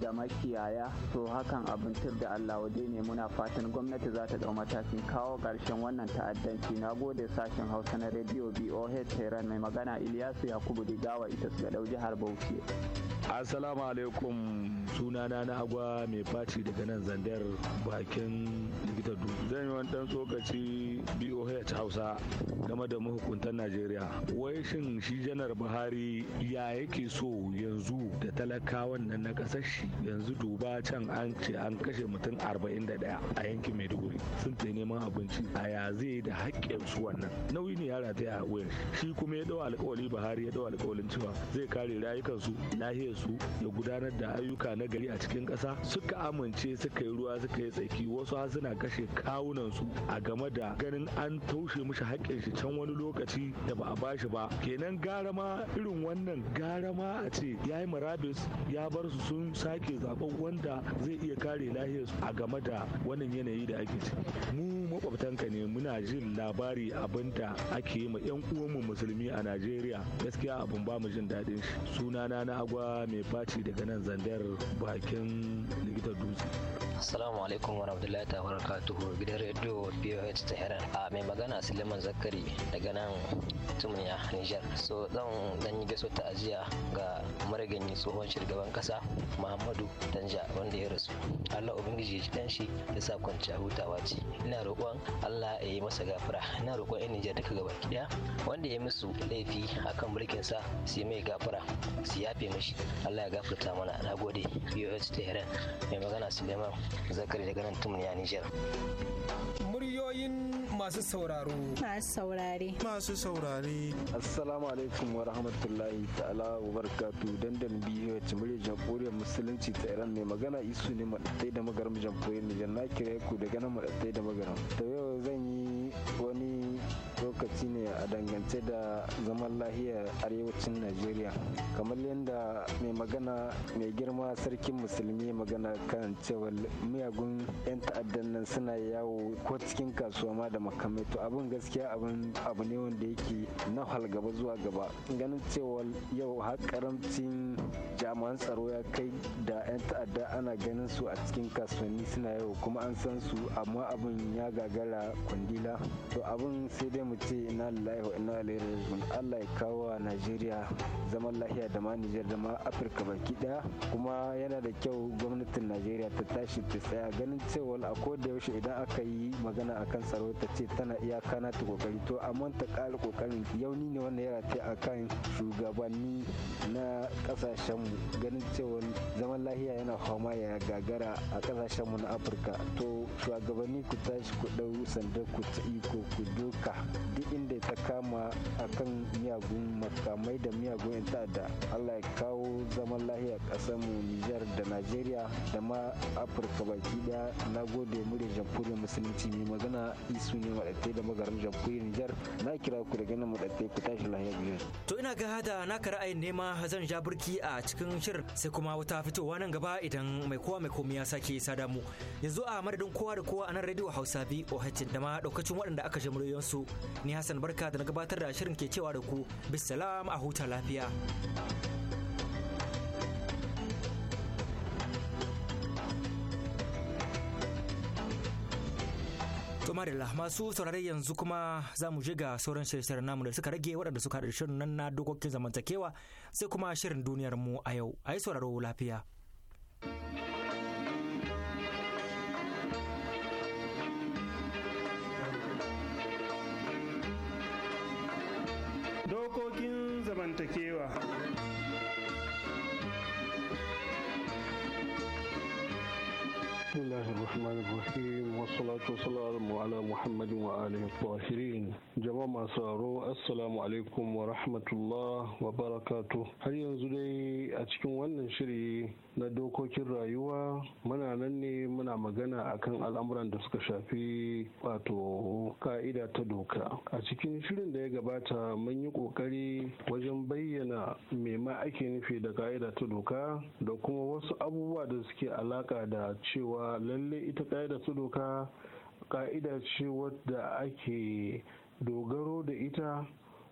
da makiyaya to hakan abin tur da Allah wade ne muna fatan gwamnati za ta dau matakin kawo ƙarshen wannan ta'addanci na gode sashen Hausa na Radio BOH Tehran mai magana Ilyasu Yakubu Digawa ita suka dau jihar Bauchi. Assalamu alaikum sunana na agwa mai faci daga nan zandar bakin likita du zan yi wani dan tsokaci boh hausa game da mahukuntan najeriya wai shin shi janar buhari ya yake so yanzu da talakawan nan na kasar shi yanzu duba can an ce an kashe mutum 41 a yankin maiduguri sun ta neman abinci a ya zai da haƙƙin su wannan nauyi ne ya rataya a wayar shi kuma ya dawo alƙawari buhari ya dawo alƙawarin cewa zai kare rayukansu lahiyarsu ya gudanar da ayyuka na gari a cikin ƙasa suka amince suka yi ruwa suka yi tsaki wasu har suna kashe su a game da ganin an taushe mishi haƙƙin shi can wani lokaci da ba a bashi ba kenan gara ma irin wannan gara ma a ce ya yi marabis ya bar su sun sake zaɓen wanda zai iya kare lahiyarsu a game da wannan yanayi da ake ciki mu makwabtanka ne muna jin labari abin da ake yi ma 'yan uwanmu musulmi a najeriya gaskiya abin ba mu jin daɗin shi sunana na agwa mai faci daga nan zandar bakin likita dutse Assalamu alaikum wa rahmatullahi ta barakatuhu gidan rediyo ta Tehran. A mai magana Suleiman Zakari daga nan a Niger. So zan dan yi gaso ajiya ga maraganyi tsohon shugaban kasa Muhammadu Danja wanda ya rasu. Allah ubangiji ya ji shi ya sa kwanciya hutawa ce. Ina roƙon Allah ya yi masa gafara. Ina roƙon yan Niger duka gaba ɗaya wanda ya musu laifi akan mulkin sa su mai gafara su yafe mashi Allah ya gafarta mana. Na gode. POS Tehran mai magana Suleiman Zakari daga nan a Nijar. Muryoyin masu sauraro. Masu saurare. Masu saurare. Assalamu alaikum wa rahmatullahi ta'ala wa barakatu dandan BOH muryar jamhuriyar musulunci ta Iran mai magana isu ne maɗaɗai da magaram jamhuriyar Nijar na kira ku daga nan maɗaɗai da magaram. ta yau zan yi wani lokaci ne a dangance da zaman lahiyar arewacin najeriya kamar yadda mai magana mai girma sarkin musulmi magana kan cewa miyagun 'yan ta'addan nan suna yawo ko cikin kasuwa ma da makamai to abin gaskiya abin abu ne wanda yake na halgaba zuwa gaba ganin cewa yau har karamcin jami'an tsaro ya kai da 'yan ta'adda ana ganin su a cikin kasuwanni suna yau kuma an san su amma abin ya gagara kundila to abin sai dai mu ce ina lillahi wa ina ilaihi raji'un Allah ya kawo wa Najeriya zaman lafiya da ma Nijar da ma Afirka baki daya kuma yana da kyau gwamnatin Najeriya ta tashi ta tsaya ganin cewa a koda yaushe idan aka yi magana akan tsaro ta ce tana iyaka na ta kokari to amma ta ƙara kokarin yauni ne wanda ya a akan shugabanni na mu ganin cewa zaman lahiya yana fama ya gagara a kasashen mu na Afirka to shugabanni ku tashi ku dau sandar ku ta iko ku doka duk inda ta kama a kan miyagun makamai da miyagun yan ta'adda allah ya kawo zaman lahiya ƙasar mu nijar da nigeria da ma afirka baki daya na gode mu da jamhuriyar musulunci mai magana isu ne maɗaɗe da magarin jamhuriyar nijar na kira ku da ganin maɗaɗe ku tashi lahiya biyu to ina ga hada na naka ra'ayin nema zan ja birki a cikin shirin sai kuma wata fitowa nan gaba idan mai kowa mai komai ya sake sada mu yanzu a madadin kowa da kowa a nan radio hausa bi ohatin da ma ɗaukacin waɗanda aka jamuriyar su ni Hassan Barka da na gabatar da shirin ke cewa da ku bisalam a huta lafiya. Tomarilla masu saurare yanzu kuma za mu je ga sauran shirye-shiryen namu da suka rage waɗanda suka haɗa shirin nan na dokokin zamantakewa sai kuma shirin duniyar mu a yau. A yi sauraro lafiya. dokokin zamantakewa Bismillahir wasu salatu ala muhammadin wa alihi tahirin jama'a masu raro, assalamu alaikum wa rahmatullah wa barakatu har yanzu dai a cikin wannan shiri na dokokin rayuwa muna nan ne muna magana akan al'amuran da suka shafi wato ka'ida ta doka a cikin shirin da ya gabata mun yi kokari wajen bayyana me ma ake nufi da ka'ida ta doka da kuma wasu abubuwa da suke alaka da cewa lalle ita ka'ida ta doka ka'ida ce wadda ake dogaro da ita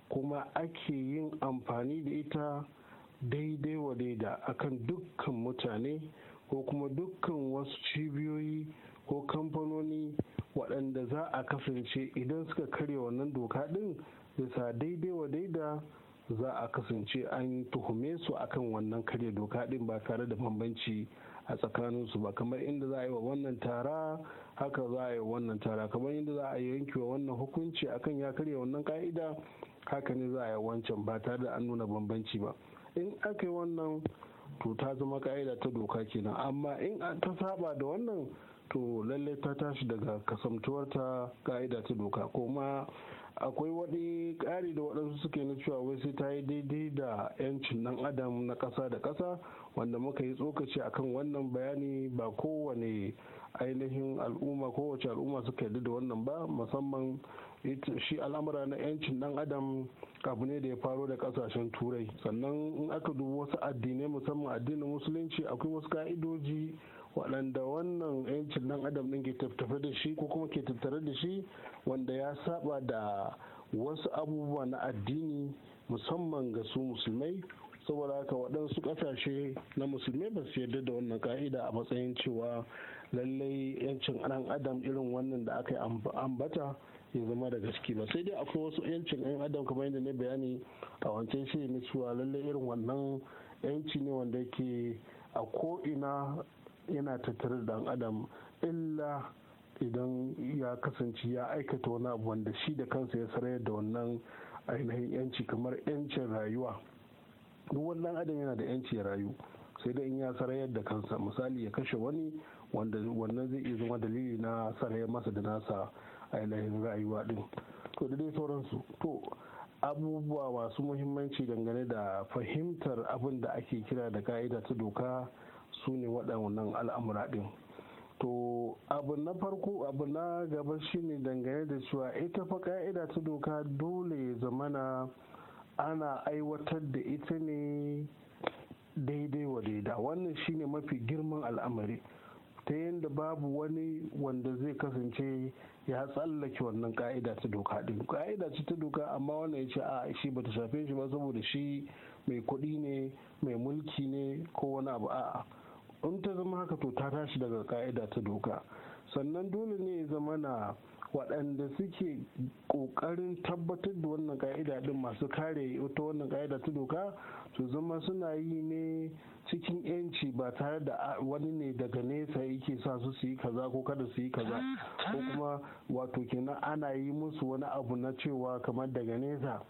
kuma ake yin amfani da ita daidai wa daida akan dukkan mutane ko kuma dukkan wasu cibiyoyi ko kamfanoni waɗanda za a kasance idan suka karya wannan doka ɗin bisa daidai wa daida za a kasance an tuhume su akan wannan karya doka ɗin ba tare da bambanci a tsakaninsu ba kamar inda za a yi wa wannan tara haka za a yi wannan tara kamar yadda za a yanke wa wannan hukunci akan ya karya wannan ka'ida haka ne za a yi wancan ba tare da an nuna bambanci ba in aka yi wannan to ta zama ka'ida ta doka kenan amma in ta saba da wannan to lalle ta tashi daga kasamtuwar ta ka'ida ta doka kuma akwai wani ƙari da waɗansu suke na cewa wai sai ta yi daidai da 'yancin ɗan adam na ƙasa da ƙasa wanda muka yi tsokaci akan wannan bayani ba kowane ainihin al'umma kowace al'umma suka yarda da wannan ba musamman shi al'amura na 'yancin dan adam abu ne da ya faro da kasashen turai sannan in aka dubi wasu addinai musamman addinin musulunci akwai wasu ka'idoji waɗanda wannan 'yancin dan adam ɗin ke tattafe da shi ko kuma ke tattare da shi wanda ya saba da wasu abubuwa na addini musamman ga su musulmai saboda haka waɗansu ƙasashe na musulmai ba su yarda da wannan ka'ida a matsayin cewa lallai yancin ɗan adam irin wannan da aka yi ambata ya zama da gaske ba sai dai akwai wasu yancin ɗan adam kamar yadda na bayani a wancan shi na cewa lallai irin wannan yanci ne wanda ke a ko'ina yana tattare da ɗan adam illa idan ya kasance ya aikata wani abu wanda shi da kansa ya sarar da wannan ainihin yanci kamar yancin rayuwa duk wannan adam yana da yanci ya rayu sai dai in ya sarar da kansa misali ya kashe wani wanda wannan zai iya zama dalili na sarayar masa da nasa ainihin rayuwa din to da dai sauransu to abubuwa masu muhimmanci dangane da fahimtar abin da ake kira da ka'ida ta doka su ne waɗannan al'amura ɗin to abu na farko abu na gaba shine dangane da cewa ita fa ka'ida ta doka dole zamana ana aiwatar da ita ne daidai wa daida wannan shine mafi girman al'amari ta yadda babu wani wanda zai kasance ya tsallake wannan ka'ida ta doka din ka'ida ce ta doka amma wannan ya ce a shi bata shafe shi ba saboda shi mai kuɗi ne mai mulki ne ko wani abu a'a in ta zama haka to ta tashi daga ka'ida ta doka sannan dole ne ya zama na waɗanda suke ƙoƙarin tabbatar da wannan ka'ida din masu kare ta wannan ka'ida ta doka su zama suna yi ne cikin yanci ba tare da wani ne daga nesa yake sa su su yi kaza ko kada su yi kaza mm, ko mm. kuma wato kenan ana yi musu wani abu na cewa kamar daga nesa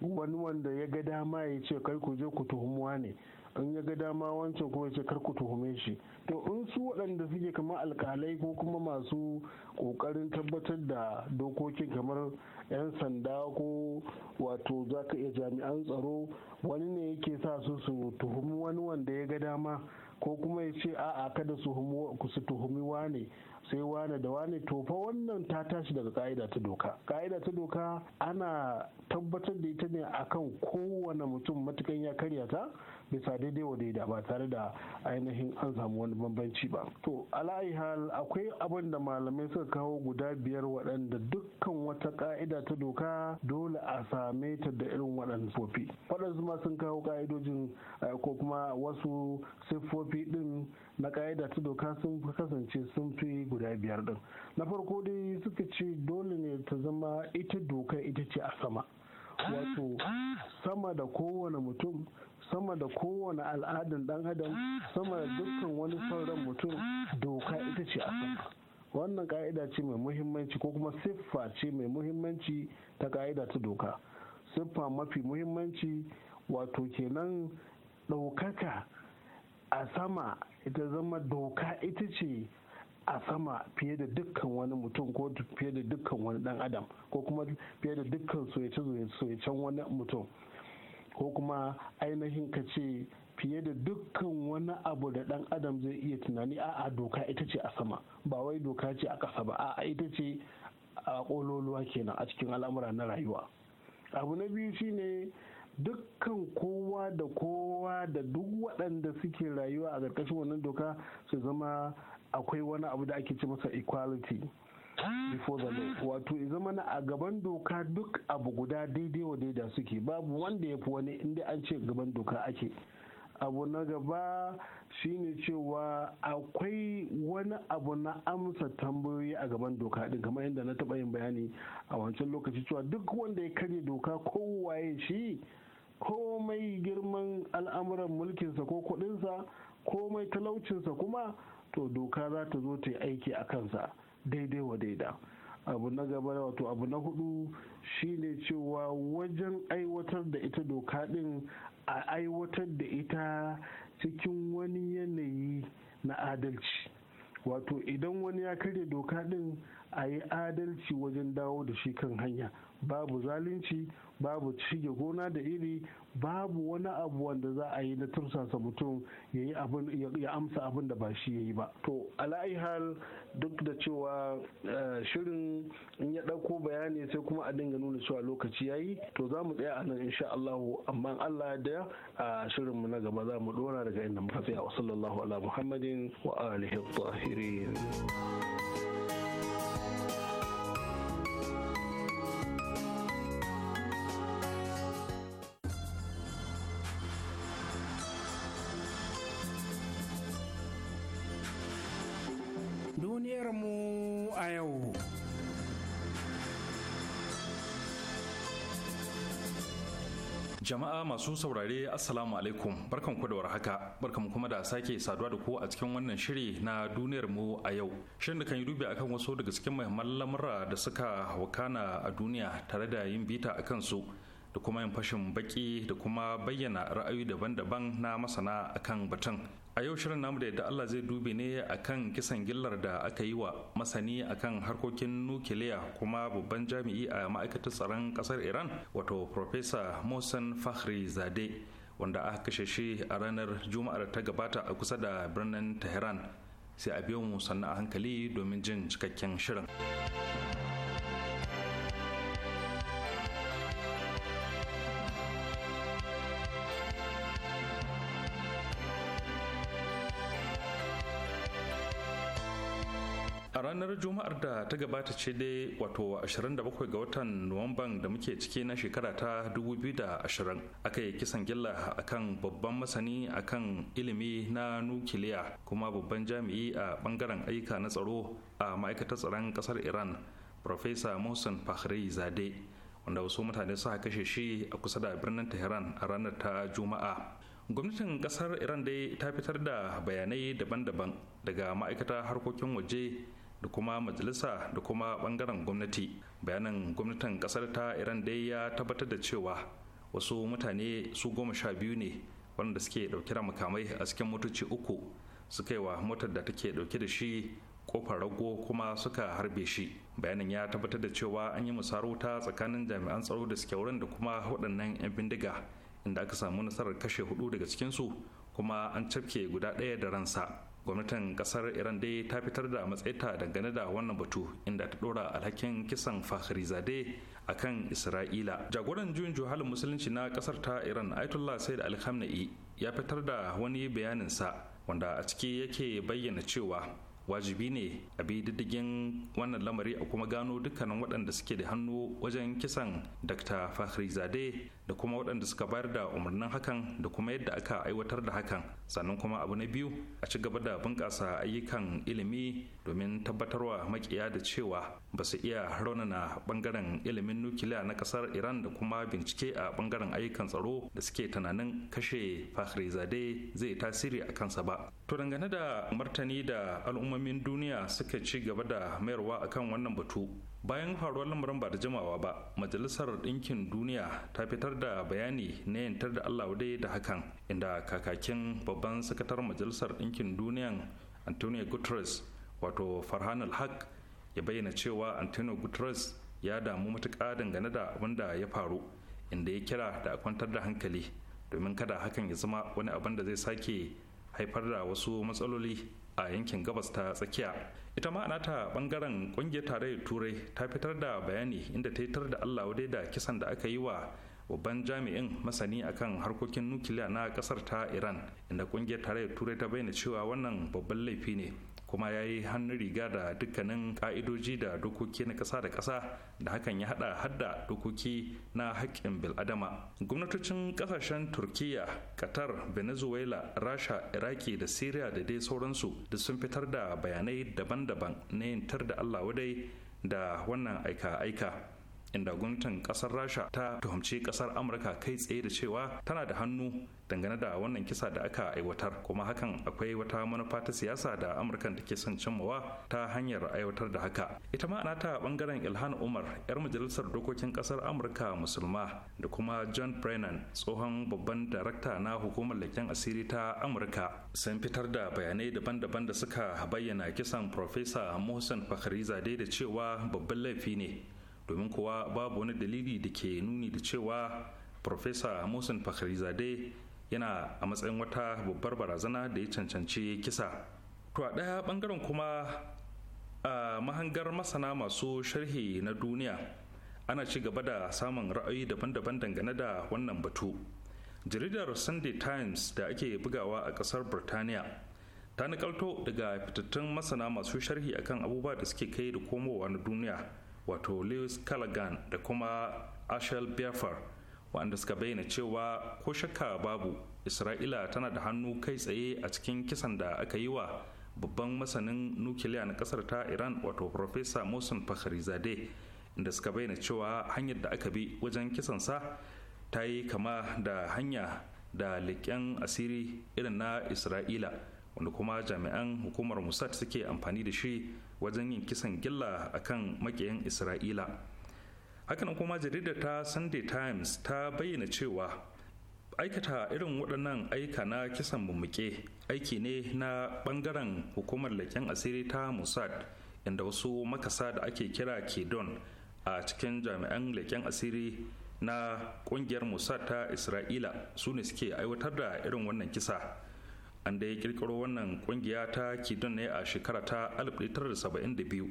wani wanda ya ga dama ya ce kai ku je ku tuhumuwa ne in ya ga dama wancan kuma ce kar ku tuhume shi to in su waɗanda suke kama alkalai ko kuma masu ƙoƙarin tabbatar da dokokin kamar 'yan sanda ko wato za ka iya jami'an tsaro wani ne yake sa su su tuhumi wani wanda ya ga dama ko kuma ya ce a'a kada su tuhumi wane sai wane da wane to fa wannan ta tashi daga ka'ida ta doka ka'ida ta doka ana tabbatar da ita ne akan kowane mutum matukan ya karyata. bisa daidai wa daida ba tare da ainihin an samu wani bambanci ba to hal akwai abin da malamai suka kawo guda biyar waɗanda dukkan wata ka'ida ta doka dole a same ta da irin waɗannan fofi waɗansu ma sun kawo ka'idojin eh, ko kuma wasu siffofi ɗin na ka'ida ta doka sun kasance sun fi guda biyar ɗin na farko dai suka ce dole ne ta zama ita doka ita ce a sama ah, wato ah. sama da kowane mutum sama da kowane al'adun dan adam sama da dukkan wani sauran mutum doka ita ce a sama wannan ka'ida ce mai muhimmanci ko kuma siffa ce mai muhimmanci ta ka'ida ta doka siffa mafi muhimmanci wato kenan ɗaukaka a sama ita zama doka ita ce a sama fiye da dukkan wani mutum ko fiye da dukkan wani dan adam ko kuma fiye da dukkan soyace-soyacen wani mutum ko kuma ainihin ka ce fiye da dukkan wani abu da ɗan adam zai iya tunani a'a doka ita ce a sama ba wai doka ce a ƙasa ba a'a ita ce a ƙololuwa kenan a cikin al'amura na rayuwa abu na biyu shine dukkan kowa da kowa da duk waɗanda suke rayuwa a ƙarƙashin wannan doka su zama akwai wani abu da ake ce masa equality before the law wato ya zama na a gaban doka duk abu guda daidai wa daida suke babu wanda ya fi wani inda an ce gaban doka ake abu na gaba shine cewa akwai wani abu na amsa tambayoyi a gaban doka din kamar yadda na taba yin bayani a wancan lokaci cewa duk wanda ya karya doka ko waye shi komai girman al'amuran mulkinsa ko kuɗinsa mai talaucinsa kuma to doka za ta zo ta yi aiki a kansa daidai wa daida abu na gaba wato abu na hudu shine cewa wajen aiwatar da ita doka din a aiwatar da ita cikin wani yanayi na adalci wato idan wani ya karya doka din a yi adalci wajen dawo da shi kan hanya babu zalunci babu shige gona da iri babu wani abu wanda za a yi na tursasa mutum ya amsa abin da ba shi ya yi ba to hal duk da cewa eh, shirin in ya ɗauko bayani sai kuma a dinga nuna cewa lokaci ya yi to za mu tsaya a nan insha Allah amma Allah da a shirin mu na gaba za mu dora daga inda muka tsaya wa sallallahu ala muhammadin wa alihi tahirin mu a yau. Jama'a masu saurare Assalamu alaikum barkanku da warhaka mu kuma da sake saduwa da ku a cikin wannan shiri na duniyar mu a yau. Shirin da kan yi dubi akan wasu daga cikin muhimman lamura da suka wakana a duniya tare da yin bita a su. da kuma yin fashin baki da kuma bayyana ra'ayoyi daban-daban na masana akan batun a yau shirin namu da Allah zai dube ne akan kisan gillar da aka yi wa masani akan harkokin nukiliya kuma babban jami'i a ma'aikatar tsaron kasar Iran wato profesa Mohsen Fakhri Zade wanda aka kashe shi a ranar Juma'ar ta gabata a kusa da birnin Tehran sai a biyo mu sannan a hankali domin jin cikakken shirin. juma'ar da ta gabata ce dai wato 27 ga watan nuwamban da muke ciki na shekara ta 2020 aka yi kisan gilla a kan babban masani a kan ilimi na nukiliya kuma babban jami'i a bangaren ayyuka na tsaro a ma'aikatar tsaron kasar iran Profesa mohsen fahri zade wanda wasu mutane suka kashe shi a kusa da birnin tehran a ranar ta juma'a gwamnatin kasar iran dai ta fitar da bayanai daban-daban daga ma'aikatar harkokin waje da kuma majalisa da kuma bangaren gwamnati bayanin gwamnatin kasar ta iran dai ya tabbatar da cewa wasu mutane su goma sha biyu ne wanda suke dauke da makamai a cikin motoci uku suka yi wa motar da take ɗauke da shi kofar rago kuma suka harbe shi bayanin ya tabbatar da cewa an yi musarauta tsakanin jami'an tsaro da suke wurin da kuma waɗannan 'yan bindiga inda aka samu nasarar kashe hudu daga cikinsu kuma an cafke guda ɗaya da ransa gwamnatin kasar iran dai ta fitar da matsayinta dangane da wannan batu inda ta dora alhakin kisan zade a kan isra'ila jagoran juyin juhalin musulunci na kasar ta iran ayatollah said al ya fitar da wani bayaninsa wanda a ciki yake bayyana cewa wajibi ne a bi diddigin wannan lamari a kuma gano dukkanin waɗanda suke da hannu wajen kisan dr fahri zade da kuma waɗanda suka bayar da umarnin hakan da kuma yadda aka aiwatar da hakan sannan kuma abu na biyu a ci gaba da bunƙasa ayyukan ilimi domin tabbatarwa makiya da cewa ba su iya raunana bangaren ilimin nukiliya na ƙasar iran da kuma bincike a ɓangaren ayyukan tsaro da suke tunanin kashe fahri zade zai tasiri a kansa ba to dangane da martani da al'umma hukumomin duniya suka ci gaba da mayarwa akan wannan batu bayan faruwar lamarin ba da jimawa ba majalisar ɗinkin duniya ta fitar da bayani na yantar da allah dai da hakan inda kakakin babban sakatar majalisar ɗinkin duniya antonio guterres wato farhan al ya bayyana cewa antonio guterres ya damu matuƙa dangane da abin da ya faru inda ya kira da kwantar da hankali domin kada hakan ya zama wani abin da zai sake haifar da wasu matsaloli a yankin gabas ta tsakiya ita ma ta bangaren kungiyar tarayyar turai ta fitar da bayani inda ta yi tar da allah wadai da kisan da aka yi wa babban jami'in masani akan harkokin nukiliya na kasar ta iran inda kungiyar tarayyar turai ta bayyana cewa wannan babban laifi ne kuma ya yi hannun riga da dukkanin ka'idoji da dokoki na ƙasa da ƙasa da hakan ya haɗa hadda dokoki na haƙƙin bil'adama gwamnatocin ƙasashen Turkiyya qatar venezuela rasha iraki da syria da dai sauransu da sun fitar da bayanai daban-daban na yin tar da allah wadai da wannan aika-aika inda gwamnatin ƙasar rasha ta tuhumci ƙasar amurka kai tsaye da cewa tana da hannu dangane da wannan kisa da aka aiwatar kuma hakan akwai wata manufa ta siyasa da amurkan ke son cimmawa ta hanyar aiwatar da haka ita ma ta bangaren ilhan umar yar majalisar dokokin kasar amurka musulma da kuma john brennan tsohon babban darakta na hukumar leken asiri ta amurka sun fitar da bayanai daban-daban da suka bayyana kisan profesa mohsen zade da cewa babban laifi ne domin kuwa babu wani dalili da ke nuni da cewa Profesa Mohsen zade yana a matsayin wata babbar barazana da ya cancanci kisa to a ɗaya ɓangaren kuma a mahangar masana masu sharhi na duniya ana ci gaba da samun ra'ayi daban-daban dangane da wannan batu jaridar sunday times da ake bugawa a ƙasar birtaniya ta nakalto daga fitattun masana masu sharhi akan abubuwa da suke kai da komowa na duniya wato lewis callaghan da kuma ashel Biafar waɗanda suka bayyana cewa ko shakka babu isra'ila tana da hannu kai tsaye a cikin kisan da aka yi wa babban masanin nukiliya na kasar ta iran wato profesa mohsen fakhrizadeh inda suka bayyana cewa hanyar da aka bi wajen kisan sa ta yi kama da hanya da leƙen asiri irin na isra'ila wanda kuma jami'an hukumar mossad suke amfani da shi wajen yin kisan gilla akan makiyan isra'ila hakanan kuma jaridar ta sunday times ta bayyana cewa aikata irin waɗannan aika na kisan bumbuke aiki ne na ɓangaren hukumar leƙen asiri ta mossad inda wasu makasa da ake kira kedon a cikin jami'an leƙen asiri na ƙungiyar mossad ta isra'ila su ne suke aiwatar da irin wannan kisa an da ya ƙirƙiro wannan ƙungiya ta kedon ne a shekara ta 1972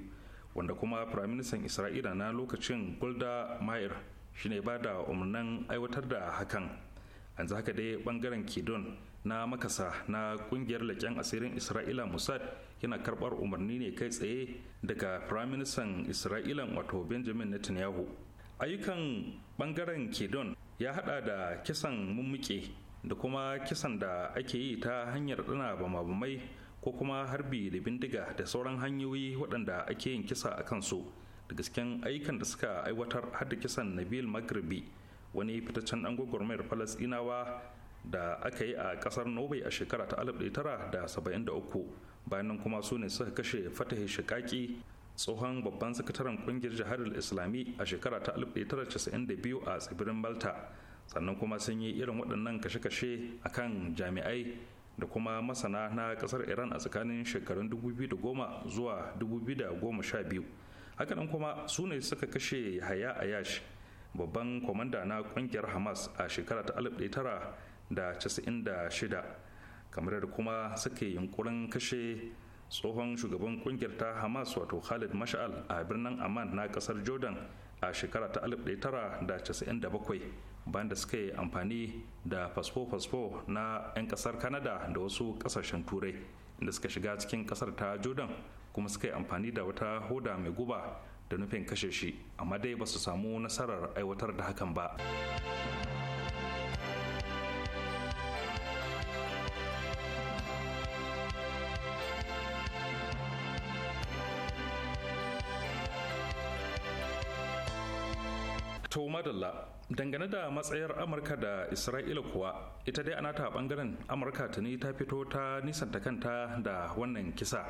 wanda kuma firaministan isra'ila na lokacin gulda mayer shine ba da umarnin aiwatar da hakan yanzu haka dai bangaren kidon na makasa na kungiyar leƙen asirin isra'ila mossad yana karɓar umarni ne kai tsaye daga firaministan Israilan wato benjamin netanyahu ayyukan bangaren kidon ya hada da kisan mummuke da kuma kisan da ake yi ta hanyar dana bama-bamai ko kuma harbi da bindiga da sauran hanyoyi waɗanda ake yin kisa a kansu da gasken ayyukan da suka aiwatar har da kisan nabil magribi wani fitaccen ɗan gwagwarmayar falasɗinawa da aka yi a ƙasar norway a shekara ta 1973 bayan nan kuma su ne suka kashe fatahi shikaki tsohon babban sakataren kungiyar jiharar islami a shekara ta 1992 a tsibirin malta sannan kuma sun yi irin waɗannan kashe-kashe akan jami'ai da kuma masana na kasar iran a tsakanin shekarun 2010 zuwa 2012 hakanan kuma su ne suka kashe haya ayash babban kwamanda na kungiyar hamas a shekara ta 1996 kamar da kuma suke yunkurin kashe tsohon shugaban kungiyar ta hamas wato khalid mashal a birnin amman na kasar jordan a shekara ta 1997 bayan da suka yi amfani da fasfo-fasfo na 'yan kasar kanada da wasu kasashen turai da suka shiga cikin kasar ta jordan kuma suka yi amfani da wata hoda mai guba da nufin kashe shi amma dai ba su samu nasarar aiwatar da hakan ba to madalla dangane da matsayar amurka da isra'ila kuwa ita dai anata bangaren amurka tuni ta fito ta nisanta kanta da wannan kisa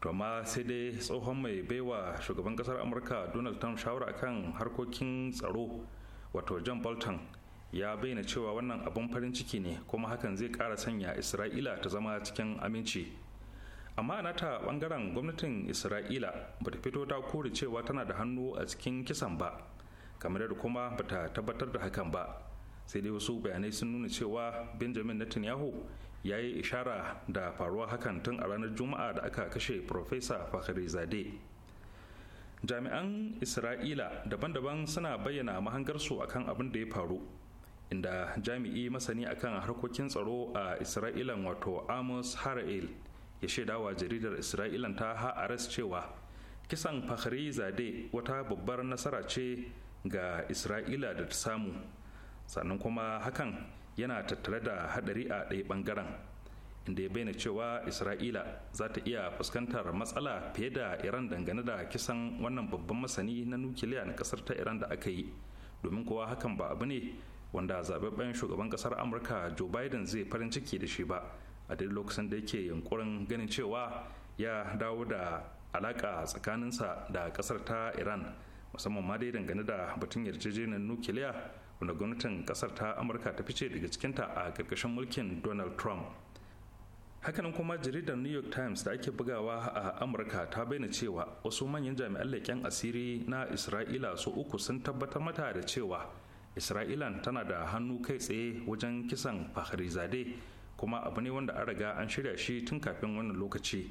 to amma sai dai tsohon mai baiwa shugaban kasar amurka donald trump shawara akan harkokin tsaro wato john bolton ya bayyana cewa wannan abun farin ciki ne kuma hakan zai kara sanya isra'ila ta zama cikin aminci amma a nata bangaren gwamnatin isra'ila bata fito ta kore cewa tana da hannu a cikin kisan ba kamar da kuma bata tabbatar da hakan ba sai dai wasu bayanai sun nuna cewa benjamin netanyahu ya yi ishara da faruwa hakan tun a ranar juma'a da aka kashe profesa fakhari zade jami'an isra'ila daban-daban suna bayyana mahangarsu akan abin da ya faru inda jami'i masani akan harkokin tsaro a isra'ilan wato amos hara'il ya shaidawa jaridar isra'ilan ta ha'aras cewa kisan fakhari zade wata babbar nasara ce ga isra'ila da ta samu sannan kuma hakan yana tattare da hadari a ɗaya ɓangaren inda ya bayyana cewa isra'ila za ta iya fuskantar matsala fiye da iran dangane da kisan wannan babban masani na nukiliya na kasar ta iran da aka yi domin kuwa hakan ba abu ne wanda zababben shugaban kasar amurka joe biden zai farin ciki da shi ba a duk lokacin da yake yunkurin ganin cewa ya dawo da alaka tsakaninsa da kasar ta iran musamman ma dai dangane da batun yarjejeniyar nukiliya wanda gwamnatin kasar ta amurka ta fice daga cikinta a karkashin mulkin donald trump hakanan kuma jaridar new york times da ake bugawa a amurka ta bayyana cewa wasu manyan jami'an leƙen asiri na isra'ila su uku sun tabbatar mata da cewa isra'ilan tana da hannu kai tsaye wajen kisan fahrizade kuma abu ne wanda an riga an shirya shi tun kafin wannan lokaci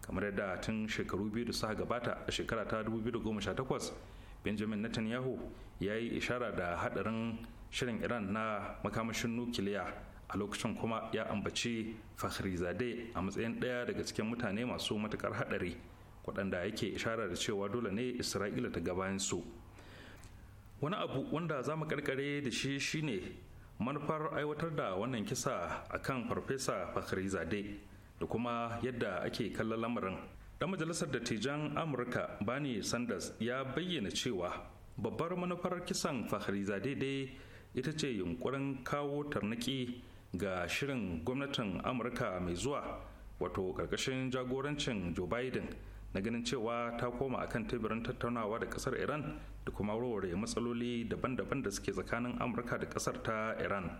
kamar yadda tun shekaru biyu da suka gabata a shekara ta 2018 benjamin netanyahu ya yi ishara da hadarin shirin iran na makamashin nukiliya a lokacin kuma ya ambaci fargir-zade a matsayin daya daga cikin mutane masu matukar hadari waɗanda yake ishara da cewa dole ne isra'ila ta gabayan su wani abu wanda za mu karkare da shi shine manufar aiwatar da wannan kisa akan farfesa fargir-zade da kuma yadda ake kallon lamarin dan majalisar dattijan amurka bani sanders ya bayyana cewa babbar manufar kisan fahrizade dai ita ce yunkurin kawo tarnaki ga shirin gwamnatin amurka mai zuwa wato karkashin jagorancin joe biden na ganin cewa ta koma akan teburin tattaunawa da kasar iran da kuma warware matsaloli daban-daban da suke tsakanin amurka da kasar ta iran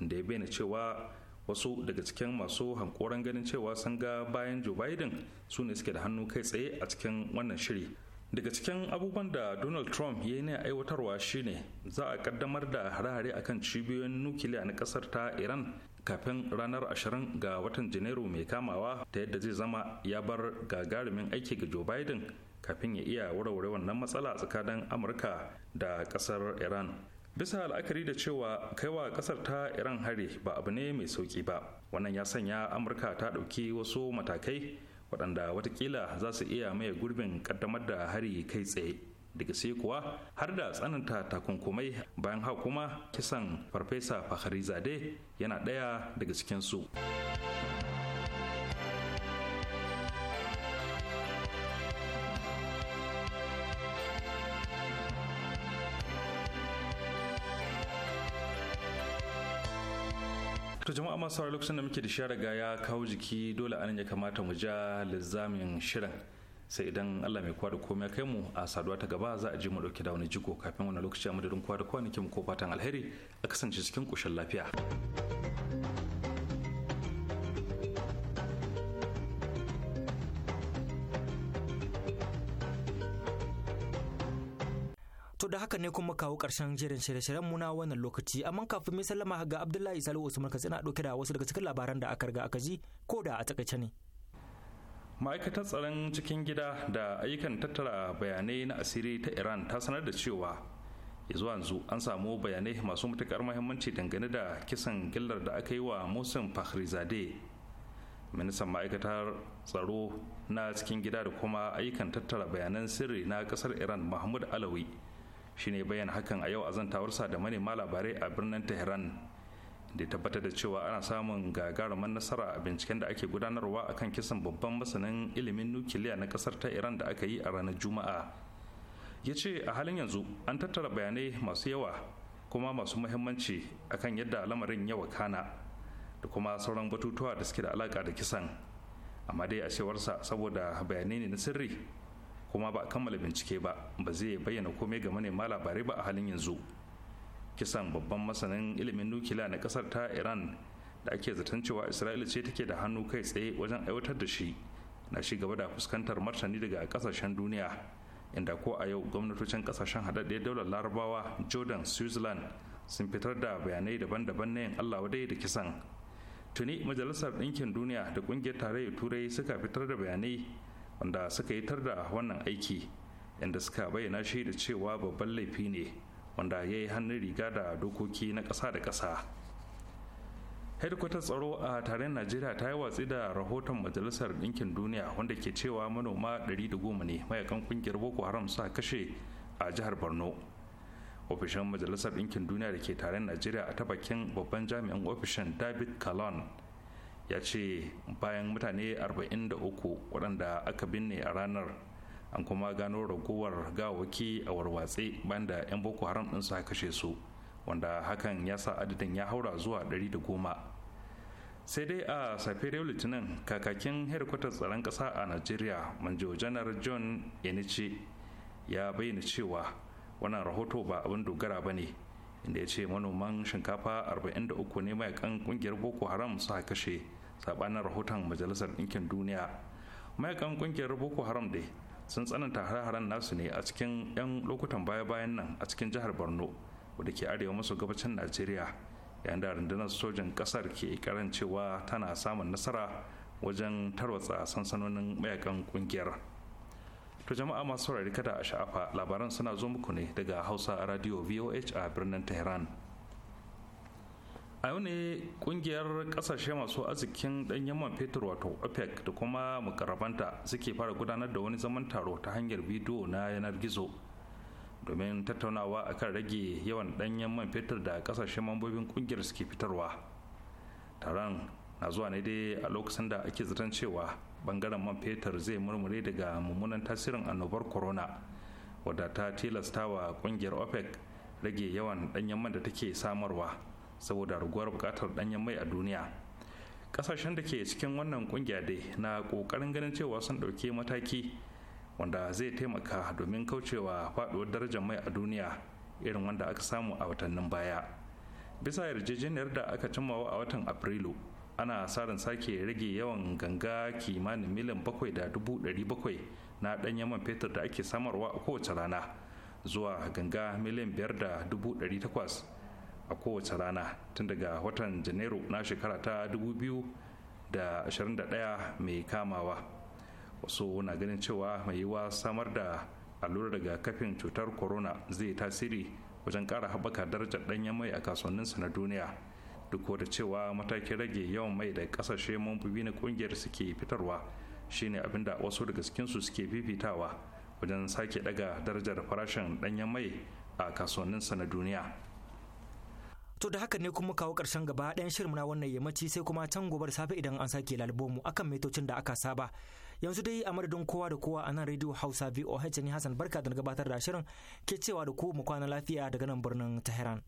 inda ya bayyana cewa wasu daga cikin masu hankoran ganin cewa sun ga bayan joe biden su ne suke da hannu kai tsaye a cikin wannan shiri daga cikin abubuwan da donald trump ya yi ne aiwatarwa shine za a kaddamar da hare-hare a kan cibiyoyin nukiliya na kasar ta iran kafin ranar 20 ga watan janairu mai kamawa ta yadda zai zama ya bar gagarumin aiki ga joe biden kafin ya iya warware wannan matsala tsakanin amurka da kasar iran bisa la'akari da cewa kaiwa kasar ta iran hari ba abu ne mai sauki ba wannan ya sanya amurka ta ɗauki wasu matakai waɗanda watakila za su iya maye gurbin ƙaddamar da hari kai tsaye daga sai kuwa har da tsananta takunkumai bayan hau kuma kisan farfesa farghar-zade yana ɗaya daga cikinsu. to jama'a masu sauraro lokacin da muke da shi ga ya kawo jiki dole anan ya kamata mu ja lizamin shirin sai idan Allah mai kwa da komai kai mu a saduwa ta gaba za a ji mu dauke da wani jiko kafin wani lokaci a madadin kwa da ko fatan alheri a kasance cikin kushen lafiya To da haka ne kuma kawo ƙarshen jerin shirye-shiryen mu na wannan lokaci amma kafin mai sallama ga Abdullahi Salihu Usman ka tsina dauke da wasu daga cikin labaran da aka riga aka ji ko da a takaice ne. Ma'aikatar tsaron cikin gida da ayyukan tattara bayanai na asiri ta Iran ta sanar da cewa zuwa yanzu an samu bayanai masu matuƙar muhimmanci dangane da kisan gillar da aka yi wa Musin Fakhrizadeh ministan ma'aikatar tsaro na cikin gida da kuma ayyukan tattara bayanan sirri na kasar iran mahmud alawi shine bayan hakan a yau a zantawarsa da manema labarai a birnin tehran da ya tabbatar da cewa ana samun gagarumin nasara a binciken da ake gudanarwa a kan kisan babban masanin ilimin nukiliya na kasar ta iran da aka yi a ranar juma'a ya ce a halin yanzu an tattara bayanai masu yawa kuma masu muhimmanci akan yadda lamarin yawa kana da kuma sauran batutuwa da suke da alaka da kisan amma dai a cewarsa saboda bayanai ne na sirri kuma ba kammala bincike ba ba zai bayyana komai ga manema labarai ba a halin yanzu kisan babban masanin ilimin nukiliya na kasar ta iran da ake zaton cewa isra'ila ce take da hannu kai tsaye wajen aiwatar da shi na shi gaba da fuskantar martani daga kasashen duniya inda ko a yau gwamnatocin kasashen haɗaɗɗiyar daular larabawa jordan switzerland sun fitar da bayanai daban-daban na yin allah wadai da kisan tuni majalisar ɗinkin duniya da ƙungiyar tarayyar turai suka fitar da bayanai wanda suka yi tar da wannan aiki inda suka bayyana shi da cewa babban laifi ne wanda ya yi hannun riga da dokoki na ƙasa da ƙasa hedkwatar tsaro a tarayyar najeriya ta yi watsi da rahoton majalisar ɗinkin duniya wanda ke cewa manoma da goma ne mayakan ƙungiyar boko haram suka kashe a jihar borno ofishin majalisar ɗinkin duniya da ke tarayyar najeriya a ta bakin babban jami'in ofishin david kalon ya ce bayan mutane 43 waɗanda aka binne a ranar an kuma gano ragowar gawaki a warwatse bayan da 'yan boko haram ɗin su kashe su wanda hakan ya sa adadin ya haura zuwa 110 sai dai a safiyar litinin kakakin herkutar tsaron ƙasa a najeriya manjo janar john enice ya bayyana cewa wannan rahoto ba abin dogara ba ne inda ya ce manoman shinkafa 43 ne mayakan kungiyar boko haram su kashe sabanin rahoton majalisar ɗinkin duniya mayakan kungiyar boko haram dai sun tsananta hare-haren nasu ne a cikin 'yan lokutan baya-bayan nan a cikin jihar borno wadda ke arewa maso gabacin najeriya yayin da rundunar sojin ƙasar ke cewa tana samun nasara wajen tarwatsa sansanonin mayakan kungiyar. to jama'a masu saurari kada a sha'afa labaran suna zo muku ne daga hausa radio voh a birnin tehran a yau ne kungiyar kasashe masu arzikin ɗanyen man fetur wato opec da kuma mukarrabanta suke fara gudanar da wani zaman taro ta hanyar bidiyo na yanar gizo domin tattaunawa akan rage yawan ɗanyen man fetur da kasashen mambobin kungiyar suke fitarwa taron na zuwa ne dai a lokacin da ake zaton cewa bangaren man fetur zai murmure daga mummunan tasirin annobar corona wadda ta tilasta wa kungiyar opec rage yawan danyen man da take samarwa saboda raguwar bukatar danyen mai a duniya kasashen da ke cikin wannan kungiya dai na kokarin ganin cewa sun ɗauki mataki wanda zai taimaka domin kaucewa faɗuwar darajar mai a duniya irin wanda aka samu a watannin baya bisa yarjejeniyar da aka cimmawa a watan afrilu ana sarin sake rage yawan ganga kimanin miliyan bakwai da dubu ɗari bakwai na ɗanyen man fetur da ake samarwa a kowace rana zuwa ganga miliyan biyar da dubu ɗari takwas a kowace rana tun daga watan janairu na shekara ta 2021 mai kamawa wasu na ganin cewa mai yiwa samar da allurar kafin cutar corona zai tasiri wajen ƙara haɓaka darajar ɗanyen mai a kasuwanninsa na duniya duk da cewa matakin rage yawan mai da ƙasashe mambobi na ƙungiyar suke fitarwa shine abin da wasu daga cikinsu suke fifitawa wajen sake daga darajar farashin ɗanyen mai a kasuwanninsa na duniya To da haka ne kuma kawo ƙarshen gaba ɗayan shirin na wannan yammaci sai kuma can gobar safe idan an sake lalbomu akan metocin da aka saba. Yanzu dai a madadin kowa da kowa a nan Radio Hausa VOH ne Hassan barka da gabatar da shirin ke cewa da ku mu kwana lafiya daga nan birnin Tehran.